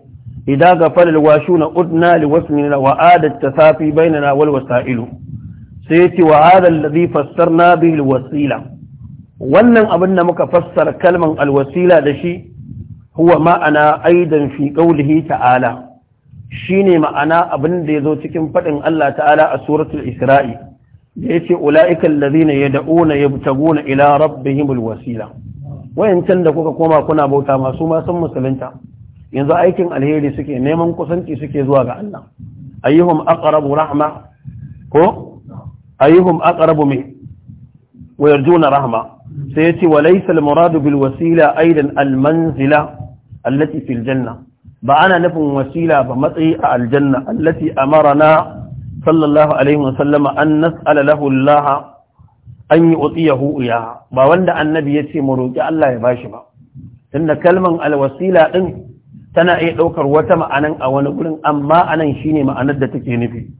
idza ghafala al-washuna udna li wasmina wa adat tasafi bainana wal wasa'ilu sai ce wa hadha alladhi fassarna bihi alwasila wannan abin da muka fassara kalman alwasila da shi huwa ma'ana aidan fi qawlihi ta'ala shine ma'ana abin da yazo cikin fadin Allah ta'ala a suratul isra'i da yace ulaika alladhina yad'una yabtaguna ila rabbihim alwasila wayancan da kuka koma kuna bauta masu ma san musulunta yanzu aikin alheri suke neman kusanci suke zuwa ga Allah ayyuhum aqrabu rahma ko ayyuhum aqrabu min wa yarjuna rahma sai yace wa laysa al-muradu bil wasila aidan al-manzila allati fil janna ba ana nufin wasila ba matsayi a aljanna allati amarana sallallahu alaihi wa sallama an nas'ala lahu Allah an yu'tiyahu iyaha ba wanda annabi yace mu roki Allah ya bashi ba tunda kalman alwasila din tana iya daukar wata ma'anan a wani gurin amma anan shine ma'anar da take nufi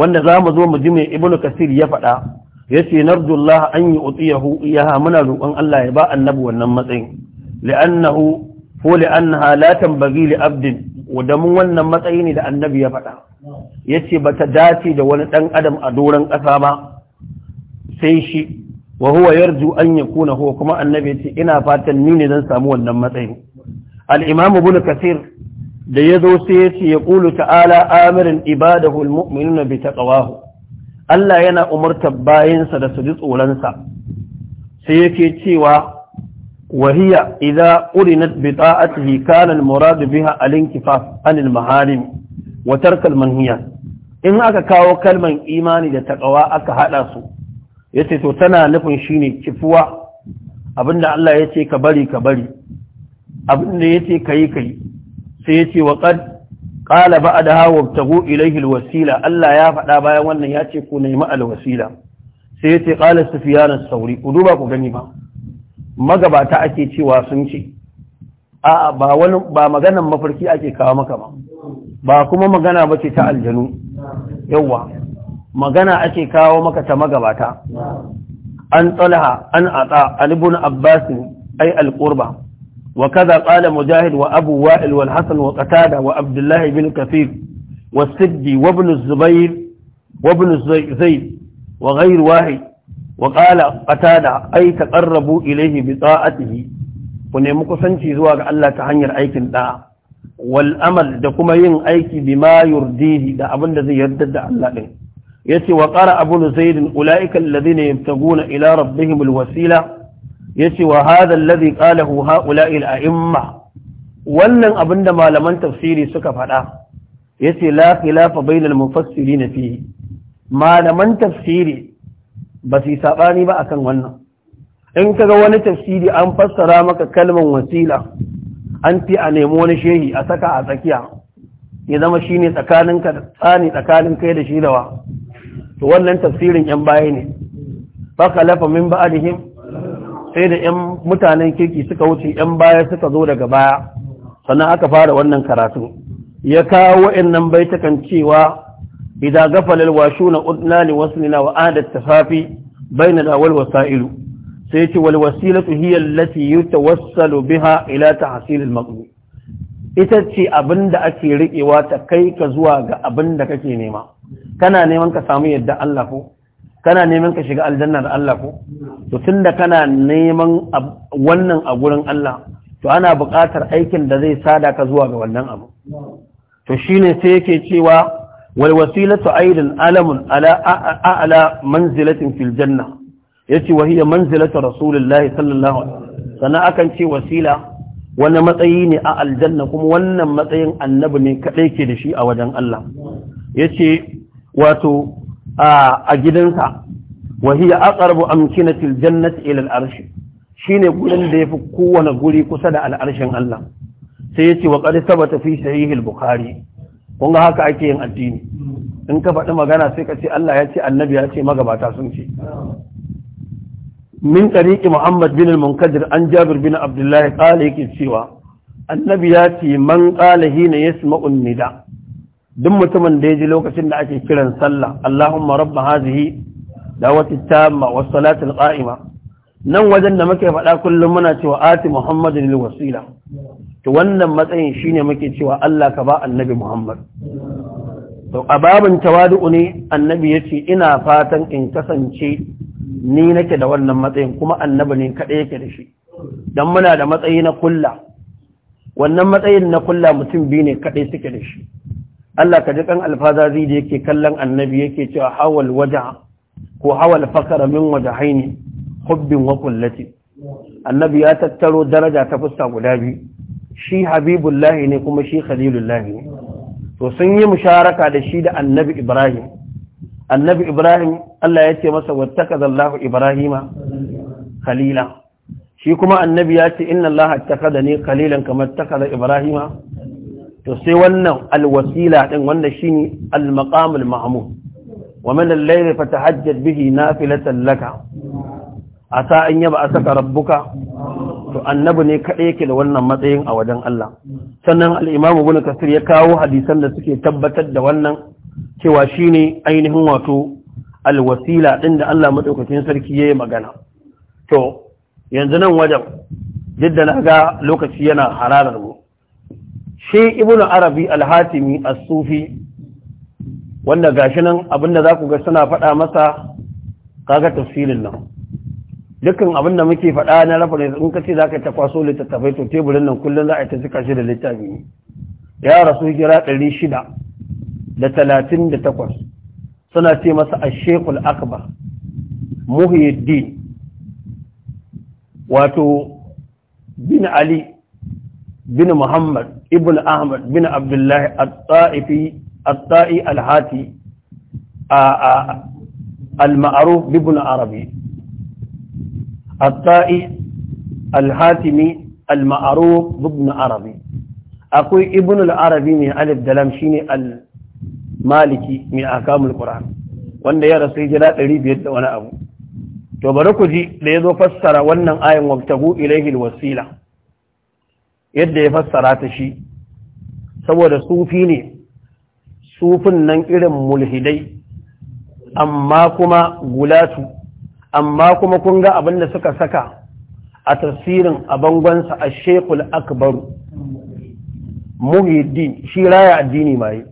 wanda za mu zo mu ji mai ibnu kasir ya faɗa ya ce nabdullah an yi utiyahu iyaha muna roƙon Allah ya ba annabi wannan matsayin li'annahu ko li'annaha la tanbaghi li abdin wadamin wannan matsayi ne da annabi ya faɗa yace bata dace da wani ɗan adam a doron ƙasa ba sai shi wa huwa yarju an yakuna huwa kuma annabi yace ina fatan ni ne zan samu wannan matsayi al-imam ibn kasir da ya zo sai ya ce ya ƙulu ta'ala amirin ibadahul mu'minuna bi taqwahu Allah yana umartar bayansa da su ji tsoronsa sai yake cewa wahiya idza urinat bi ta'atihi kana al-murad biha al-inkifaf an al-maharim wa tark al-manhiya in aka kawo kalman imani da taqwa aka hada su yace to tana nufin shine kifuwa abinda Allah yace ka bari ka bari abinda yace kai kai sai ya ce wa ba a da hawa ta wabtagu ilaihil wasila Allah ya faɗa bayan wannan ya ce ku nemi alwasila sai ya ce su fiya sauri ku duba ku gani ba magabata ake cewa sun ce a'a ba wani ba maganan mafarki ake kawo maka ba ba kuma magana bace ta aljanu yawa magana ake kawo maka ta magabata an tsalaha an atsa alibun abbasin ai alƙurba وكذا قال مجاهد وأبو وائل والحسن وقتادة وعبد الله بن كثير والسدي وابن الزبير وابن زيد وغير واحد وقال قتادة أي تقربوا إليه بطاعته ونمك سنشي زواج الله تحنير أيك الدعاء والأمل دكما ين أيك بما يرديه دا أبن الذي يردد الله يتي وقال أبو زيد أولئك الذين يبتغون إلى ربهم الوسيلة yace wa hadha alladhi qalahu ha'ula'i a imma. wannan abinda malaman tafsiri suka faɗa yace la khilafa bainal na fihi malaman tafsiri ba su saɓani ba akan wannan in kaga wani tafsiri an fassara maka kalman wasila an fi a nemo wani shehi a saka a tsakiya ya zama shi ne tsani tsakanin kai da shi da wa to wannan tafsirin yan baya ne Baka lafa min ba'dihim sai da 'yan mutanen kirki suka wuce 'yan baya suka zo daga baya sannan aka fara wannan karatu ya kawo wa'annan baitakan cewa idan gafalal washu na udna li waslina wa adat tafafi baina da wal wasailu sai ce wal wasilatu hiya allati yutawassalu biha ila tahsil al maqlub ita ce abinda ake riƙewa ta kai ka zuwa ga abinda kake nema kana neman ka samu yadda Allah ko kana neman ka shiga aljanna da Allah ko to tunda kana neman wannan a gurin Allah to ana buƙatar aikin da zai sada ka zuwa ga wannan abu to shine sai yake cewa wal wasilatu aidan alamun ala a'la manzilatin fil janna yace wa hiya manzilatu rasulillahi sallallahu alaihi wasallam sannan akan ce wasila wani matsayi ne a aljanna kuma wannan matsayin annabi ne kaɗai ke da shi a wajen Allah ya ce wato a gidansa wa hiya aqrabu amkinati aljannati ila al'arsh shine gurin da yafi kowane guri kusa da al'arshin Allah sai yace wa qad sabata fi sahih al-bukhari kun ga haka ake yin addini in ka faɗi magana sai ka ce Allah ya ce annabi ya ce magabata sun ce min tariqi muhammad bin al-munkadir an jabir bin abdullahi qala yake cewa annabi ya ce man qala hina yasma'u nida duk mutumin da ya ji lokacin da ake kiran sallah Allahumma rabba hazihi dawati tamma was salati qa'ima nan wajen da muke faɗa kullum muna cewa ati muhammadin lil wasila to wannan matsayin shine muke cewa Allah ka ba annabi muhammad to a babin tawadu ne annabi yace ina fatan in kasance ni nake da wannan matsayin kuma annabi ne kadai yake da shi dan muna da matsayi na kulla wannan matsayin na kulla mutum biyu ne kadai suke da shi Allah ka ji kan alfazazi da yake kallon annabi yake cewa hawal waja ko hawal fakara min wajahaini hubbin wa kullati annabi ya tattaro daraja ta fuska guda biyu shi habibullahi ne kuma shi khalilullahi ne to sun yi musharaka da shi da annabi ibrahim annabi ibrahim Allah ya ce masa Allahu ibrahima khalila shi kuma annabi ya ce inna allaha ittakhadha ni khalilan kamar ittakhadha ibrahima to sai wannan alwasila din wanda shine almaqamul mahmud wa min al-layli fatahajjat bihi nafilatan laka asa an yaba asaka rabbuka to annabi ne kadai yake da wannan matsayin a wajen Allah sannan al-imam ibn kasir ya kawo hadisan da suke tabbatar da wannan cewa shine ainihin wato alwasila din da Allah madaukakin sarki yayi magana to yanzu nan wajen yadda na ga lokaci yana hararar mu shi ibnu arabi al-hatimi as-sufi wanda gashi nan abinda za ku ga suna faɗa masa kaga tafsirin nan dukkan abinda muke faɗa na reference in ka ce za ka ta kwaso littattafai to teburin nan kullum za a ta zika shi da littafi ya rasu jira ɗari shida da talatin da takwas suna ce masa a shekul akbar muhyiddin wato bin ali bin Muhammad ibn Ahmad bin Abdullahi at-Ta'ifi at-Ta'i Arabi at-Ta'i al-Hatimi Arabi akwai ibn al-Arabi ne da shine mai wanda ya rasu jira 500 da wani abu to bari ku ji da ya zo fassara wannan ayan wabtagu ilayhi al-wasila yadda ya fassara ta shi saboda sufi ne sufin nan irin mulhidai amma kuma gulatu amma kuma kun ga abin da suka saka a tafsirin a bangonsa a shekul akbaru muhiddin shi raya addini mai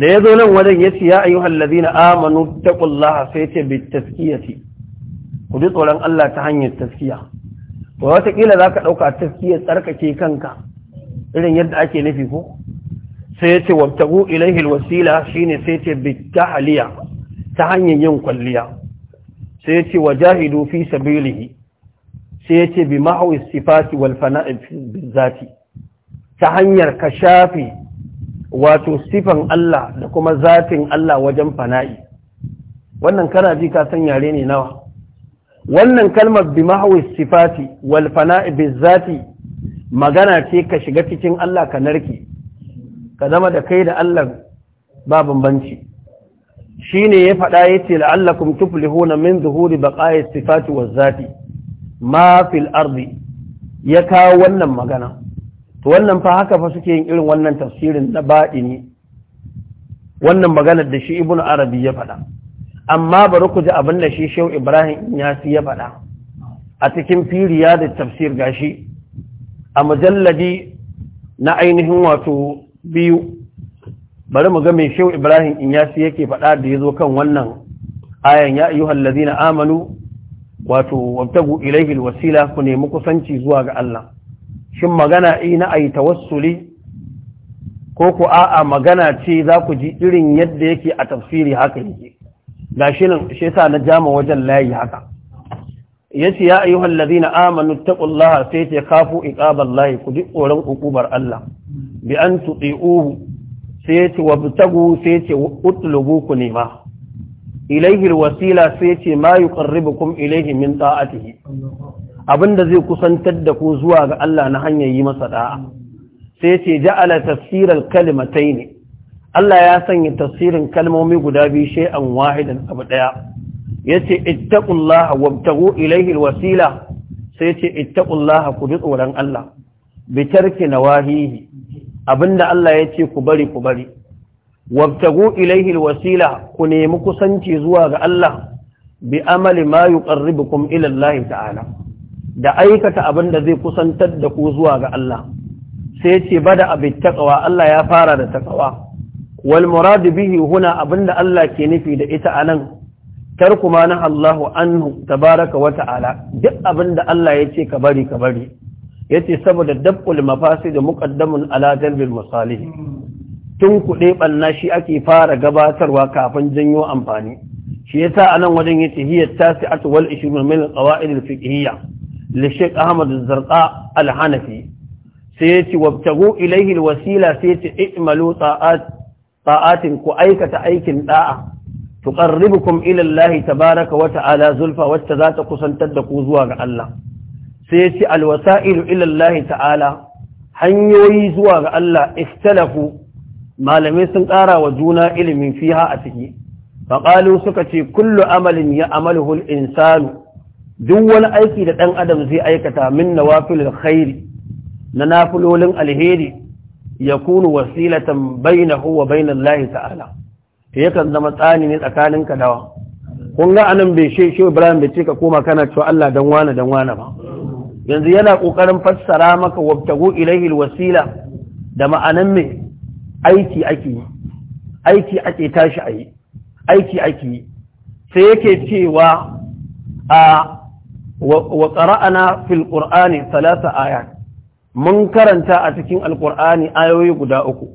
da ya zo nan wajen ya ce ya hallazi na amanu taƙullaha sai ce bi taskiyati ku ji tsoron Allah ta hanyar taskiya to wataƙila za ka ɗauka taskiyar tsarkake kanka irin yadda ake nufi ko sai ya ce wabtagu ilaihi wasila shine sai ce bitahliya ta hanyar yin kwalliya sai ya ce jahidu fi sabilihi sai ya ce bi mahwi sifati wal fana'i bizati ta hanyar ka shafi wato sifan Allah da kuma zatin Allah wajen fana'i wannan kana ji ka san yare ne nawa wannan kalmar bi mahawis sifati wal fana'i bizati magana ce ka shiga cikin Allah ka narke ka zama da kai da Allah ba bambanci shine ya faɗa yace la'allakum tuflihuna min zuhuri baqa'i sifati waz zati ma fil ardi ya kawo wannan magana to wannan fa haka fa suke yin irin wannan tafsirin na baɗini wannan maganar da shi ibnu arabi ya faɗa amma bari ku ji abin da shi shehu ibrahim ya ya faɗa a cikin firiya da tafsir gashi a mujalladi na ainihin wato biyu bari mu ga mai shehu ibrahim inyasi yake faɗa da ya zo kan wannan ayan ya ayyuhal allazina amanu wato wabtagu ilayhi alwasila ku nemi kusanci zuwa ga Allah shin magana ina ayi tawassuli ko ku a'a magana ce za ku ji irin yadda yake a tafsiri haka yake gashi shi shi sa na jama wajen layi haka yace ya ayyuhan ladina amanu taqullaha sai ce kafu iqaballahi ku ji tsoron hukumar Allah bi an uhu. sai yace wabtagu sai ce utlubu ku nema ilaihi Wasila sai ce ma yuqarribukum ilaihi min ta'atihi abinda zai kusantar da ku zuwa ga Allah na hanyar yi masa da'a sai yace ja'ala kalimatai ne. Allah ya sanya tafsirin kalmomi guda biyu shay'an wahidan abu ce yace ittaqullaha wabtagu ilaihil wasila. sai ce ittaqullaha ku ji tsoron Allah bi tarki nawahihi abinda Allah yace ku bari ku bari wabtagu ilaihil wasila. ku nemi kusanci zuwa ga Allah bi amali ma yuqarribukum ila Allah ta'ala da aikata abin da zai kusantar da ku zuwa ga Allah sai ce bada abin takawa Allah ya fara da takawa wal murad bihi huna abinda Allah ke nufi da ita anan tarku ma na Allahu anhu tabaraka wa ta'ala duk abinda Allah ya ce ka bari ka bari yace saboda dab'ul mafasid muqaddamun ala dalbil masalih tun kuɗe ɓanna shi ake fara gabatarwa kafin janyo amfani shi yasa a nan wajen yace hiya tasi'atu wal 20 min al-qawa'id al-fiqhiyya li Sheikh Ahmad Zarka zarqa al-Hanafi sai yace wabtagu Ilaihil wasila sai yace i'malu ta'at ta'atin ku aikata aikin da'a tuqarribukum ila Allah tabaaraka wa ta'ala zulfa wacce za ta kusantar da ku zuwa ga Allah sai yace alwasa'ilu ila Allah ta'ala hanyoyi zuwa ga Allah istalafu malamai sun ƙara wa juna ilimin fiha a ciki faqalu suka ce kullu amalin ya amaluhu al-insanu duk wani aiki da ɗan adam zai aikata min nawafilul khairi na nafilolin alheri yakunu wasilatan bainahu wa bainal lahi ta'ala yakan zama tsani ne tsakanin ka dawa kun ga anan bai she shi Ibrahim bai ce ka koma kana cewa Allah dan wani dan wani ba yanzu yana kokarin fassara maka wabtagu ilaihi alwasila da ma'anan me aiki ake aiki ake tashi ayi aiki ake sai yake cewa a wa qara'ana fil qur'ani thalatha ayat mun karanta a cikin alkur'ani ayoyi guda uku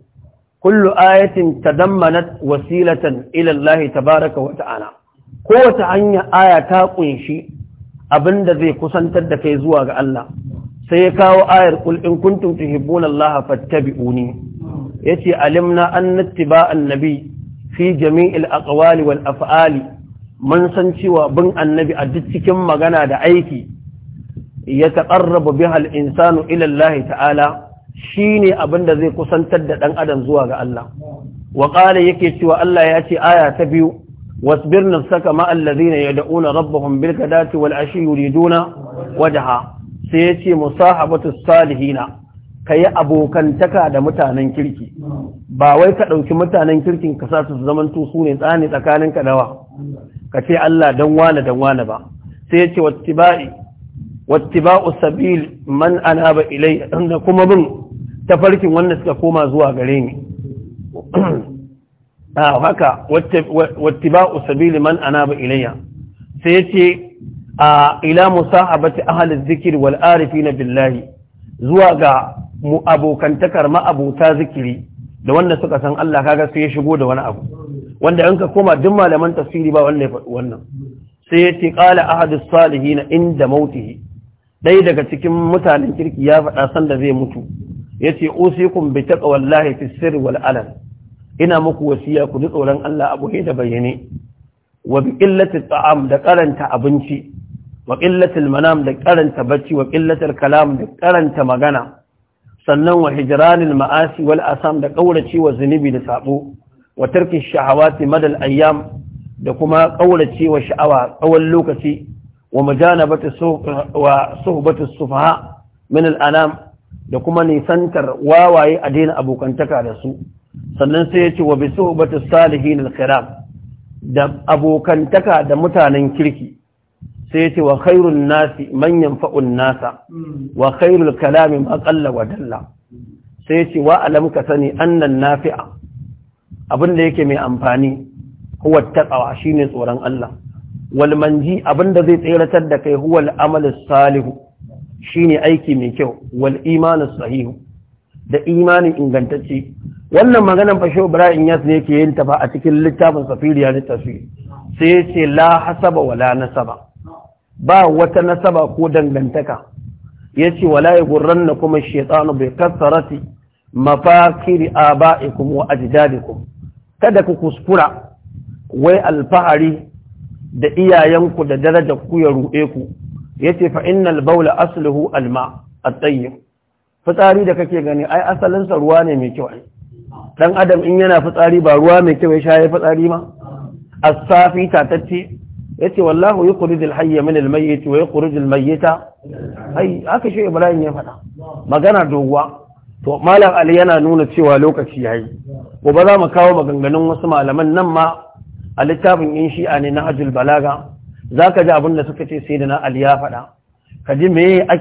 kullu ayatin tadammanat wasilatan ila Allah baraka wa ta'ala kowace hanya aya ta kunshi abinda zai kusantar da kai zuwa ga Allah sai ya kawo ayar kul in kuntum tuhibbuna Allah fattabi'uni yace alimna anna ittiba'an fi jami'il aqwali wal af'ali mun san cewa bin annabi a duk cikin magana da aiki Ya taƙarraba al-insanu ila Allah ta'ala ne abin da zai kusantar da ɗan adam zuwa ga Allah wa qala yake cewa Allah ya ce aya ta biyu Wasu saka nafsaka ma ya yad'una rabbahum birka, ghadati wal ashi na wajaha. sai yace musahabatu salihina kayi abokantaka da mutanen kirki ba wai ka ɗauki mutanen kirkin ka sa su zaman tusu su ne tsani tsakaninka dawa ka ce Allah dan wani dan wani ba sai yace wattiba'i wattiba'u sabil man anaba ilai kuma bin tafarkin wanda suka koma zuwa gare ni a <clears throat> ah, haka wattiba'u sabil man anaba ilayya sai yace a ila musahabati ahli dhikri wal arifina billahi zuwa ga mu abokantakar ma'abuta zikiri da wanda suka san Allah kaga sai ya shigo da wani abu wanda in ka koma duk malaman tafsiri ba wanda ya faɗi wannan sai yace qala ahadus salihin inda mautihi ɗaya daga cikin mutanen kirki ya faɗa sanda zai mutu ya ce usikum bi wallahi, fi sirri wal ina muku wasiya ku ji tsoron Allah abu da bayyane wa bi qillati ta'am da karanta abinci wa qillatil manam da karanta bacci wa qillatil kalam da karanta magana sannan wa hijranil ma'asi wal asam da kaurace wa zunubi da sabo wa tarki shahawati madal ayyam da kuma kaurace wa sha'awa tsawon lokaci ومجانبة وصحبة السفهاء من الأنام da kuma nisantar wawaye a daina abokantaka da su sannan sai ya ce wa bi batu salihin al da abokantaka da mutanen kirki sai ya ce wa khairun nasi manyan yanfa'un nasa wa khairul kalami ma qalla wa dalla sai ya ce wa alam ka sani annan nafi'a abin da yake mai amfani huwa taqwa shine tsoron Allah Walmanji, abin abinda zai tseratar da kai huwal amal salihu shine aiki mai kyau wal iman sahihu da imanin ingantacce wannan maganar Fasho, ibrahim yas ne yake yin ta fa a cikin littafin safiriya na tafsir sai ce, la hasaba wala nasaba ba wata nasaba ko dangantaka yace wala yagurranna kuma shaytanu bi kasarati mafakiri aba'ikum wa ajdadikum kada ku kuskura wai alfahari da iyayenku da darajar ku ya ruɗe ku Ya ce innal bawla asluhu alma a tayyib fitsari da kake gani ai asalinsa ruwa ne mai kyau dan adam in yana fitsari ba ruwa mai kyau ya sha ya fitsari ma as-safi tatacce ce wallahu yukhrijul hayya min al-mayyit wa yukhrijul mayyita ai haka shi Ibrahim ya faɗa magana doguwa to malam Ali yana nuna cewa lokaci yayi gobe za mu kawo maganganun wasu malaman nan ma a littafin yin shi'a ne na ajul balaga za ka ji abin da suka ce sai da na ali ya faɗa ka ji me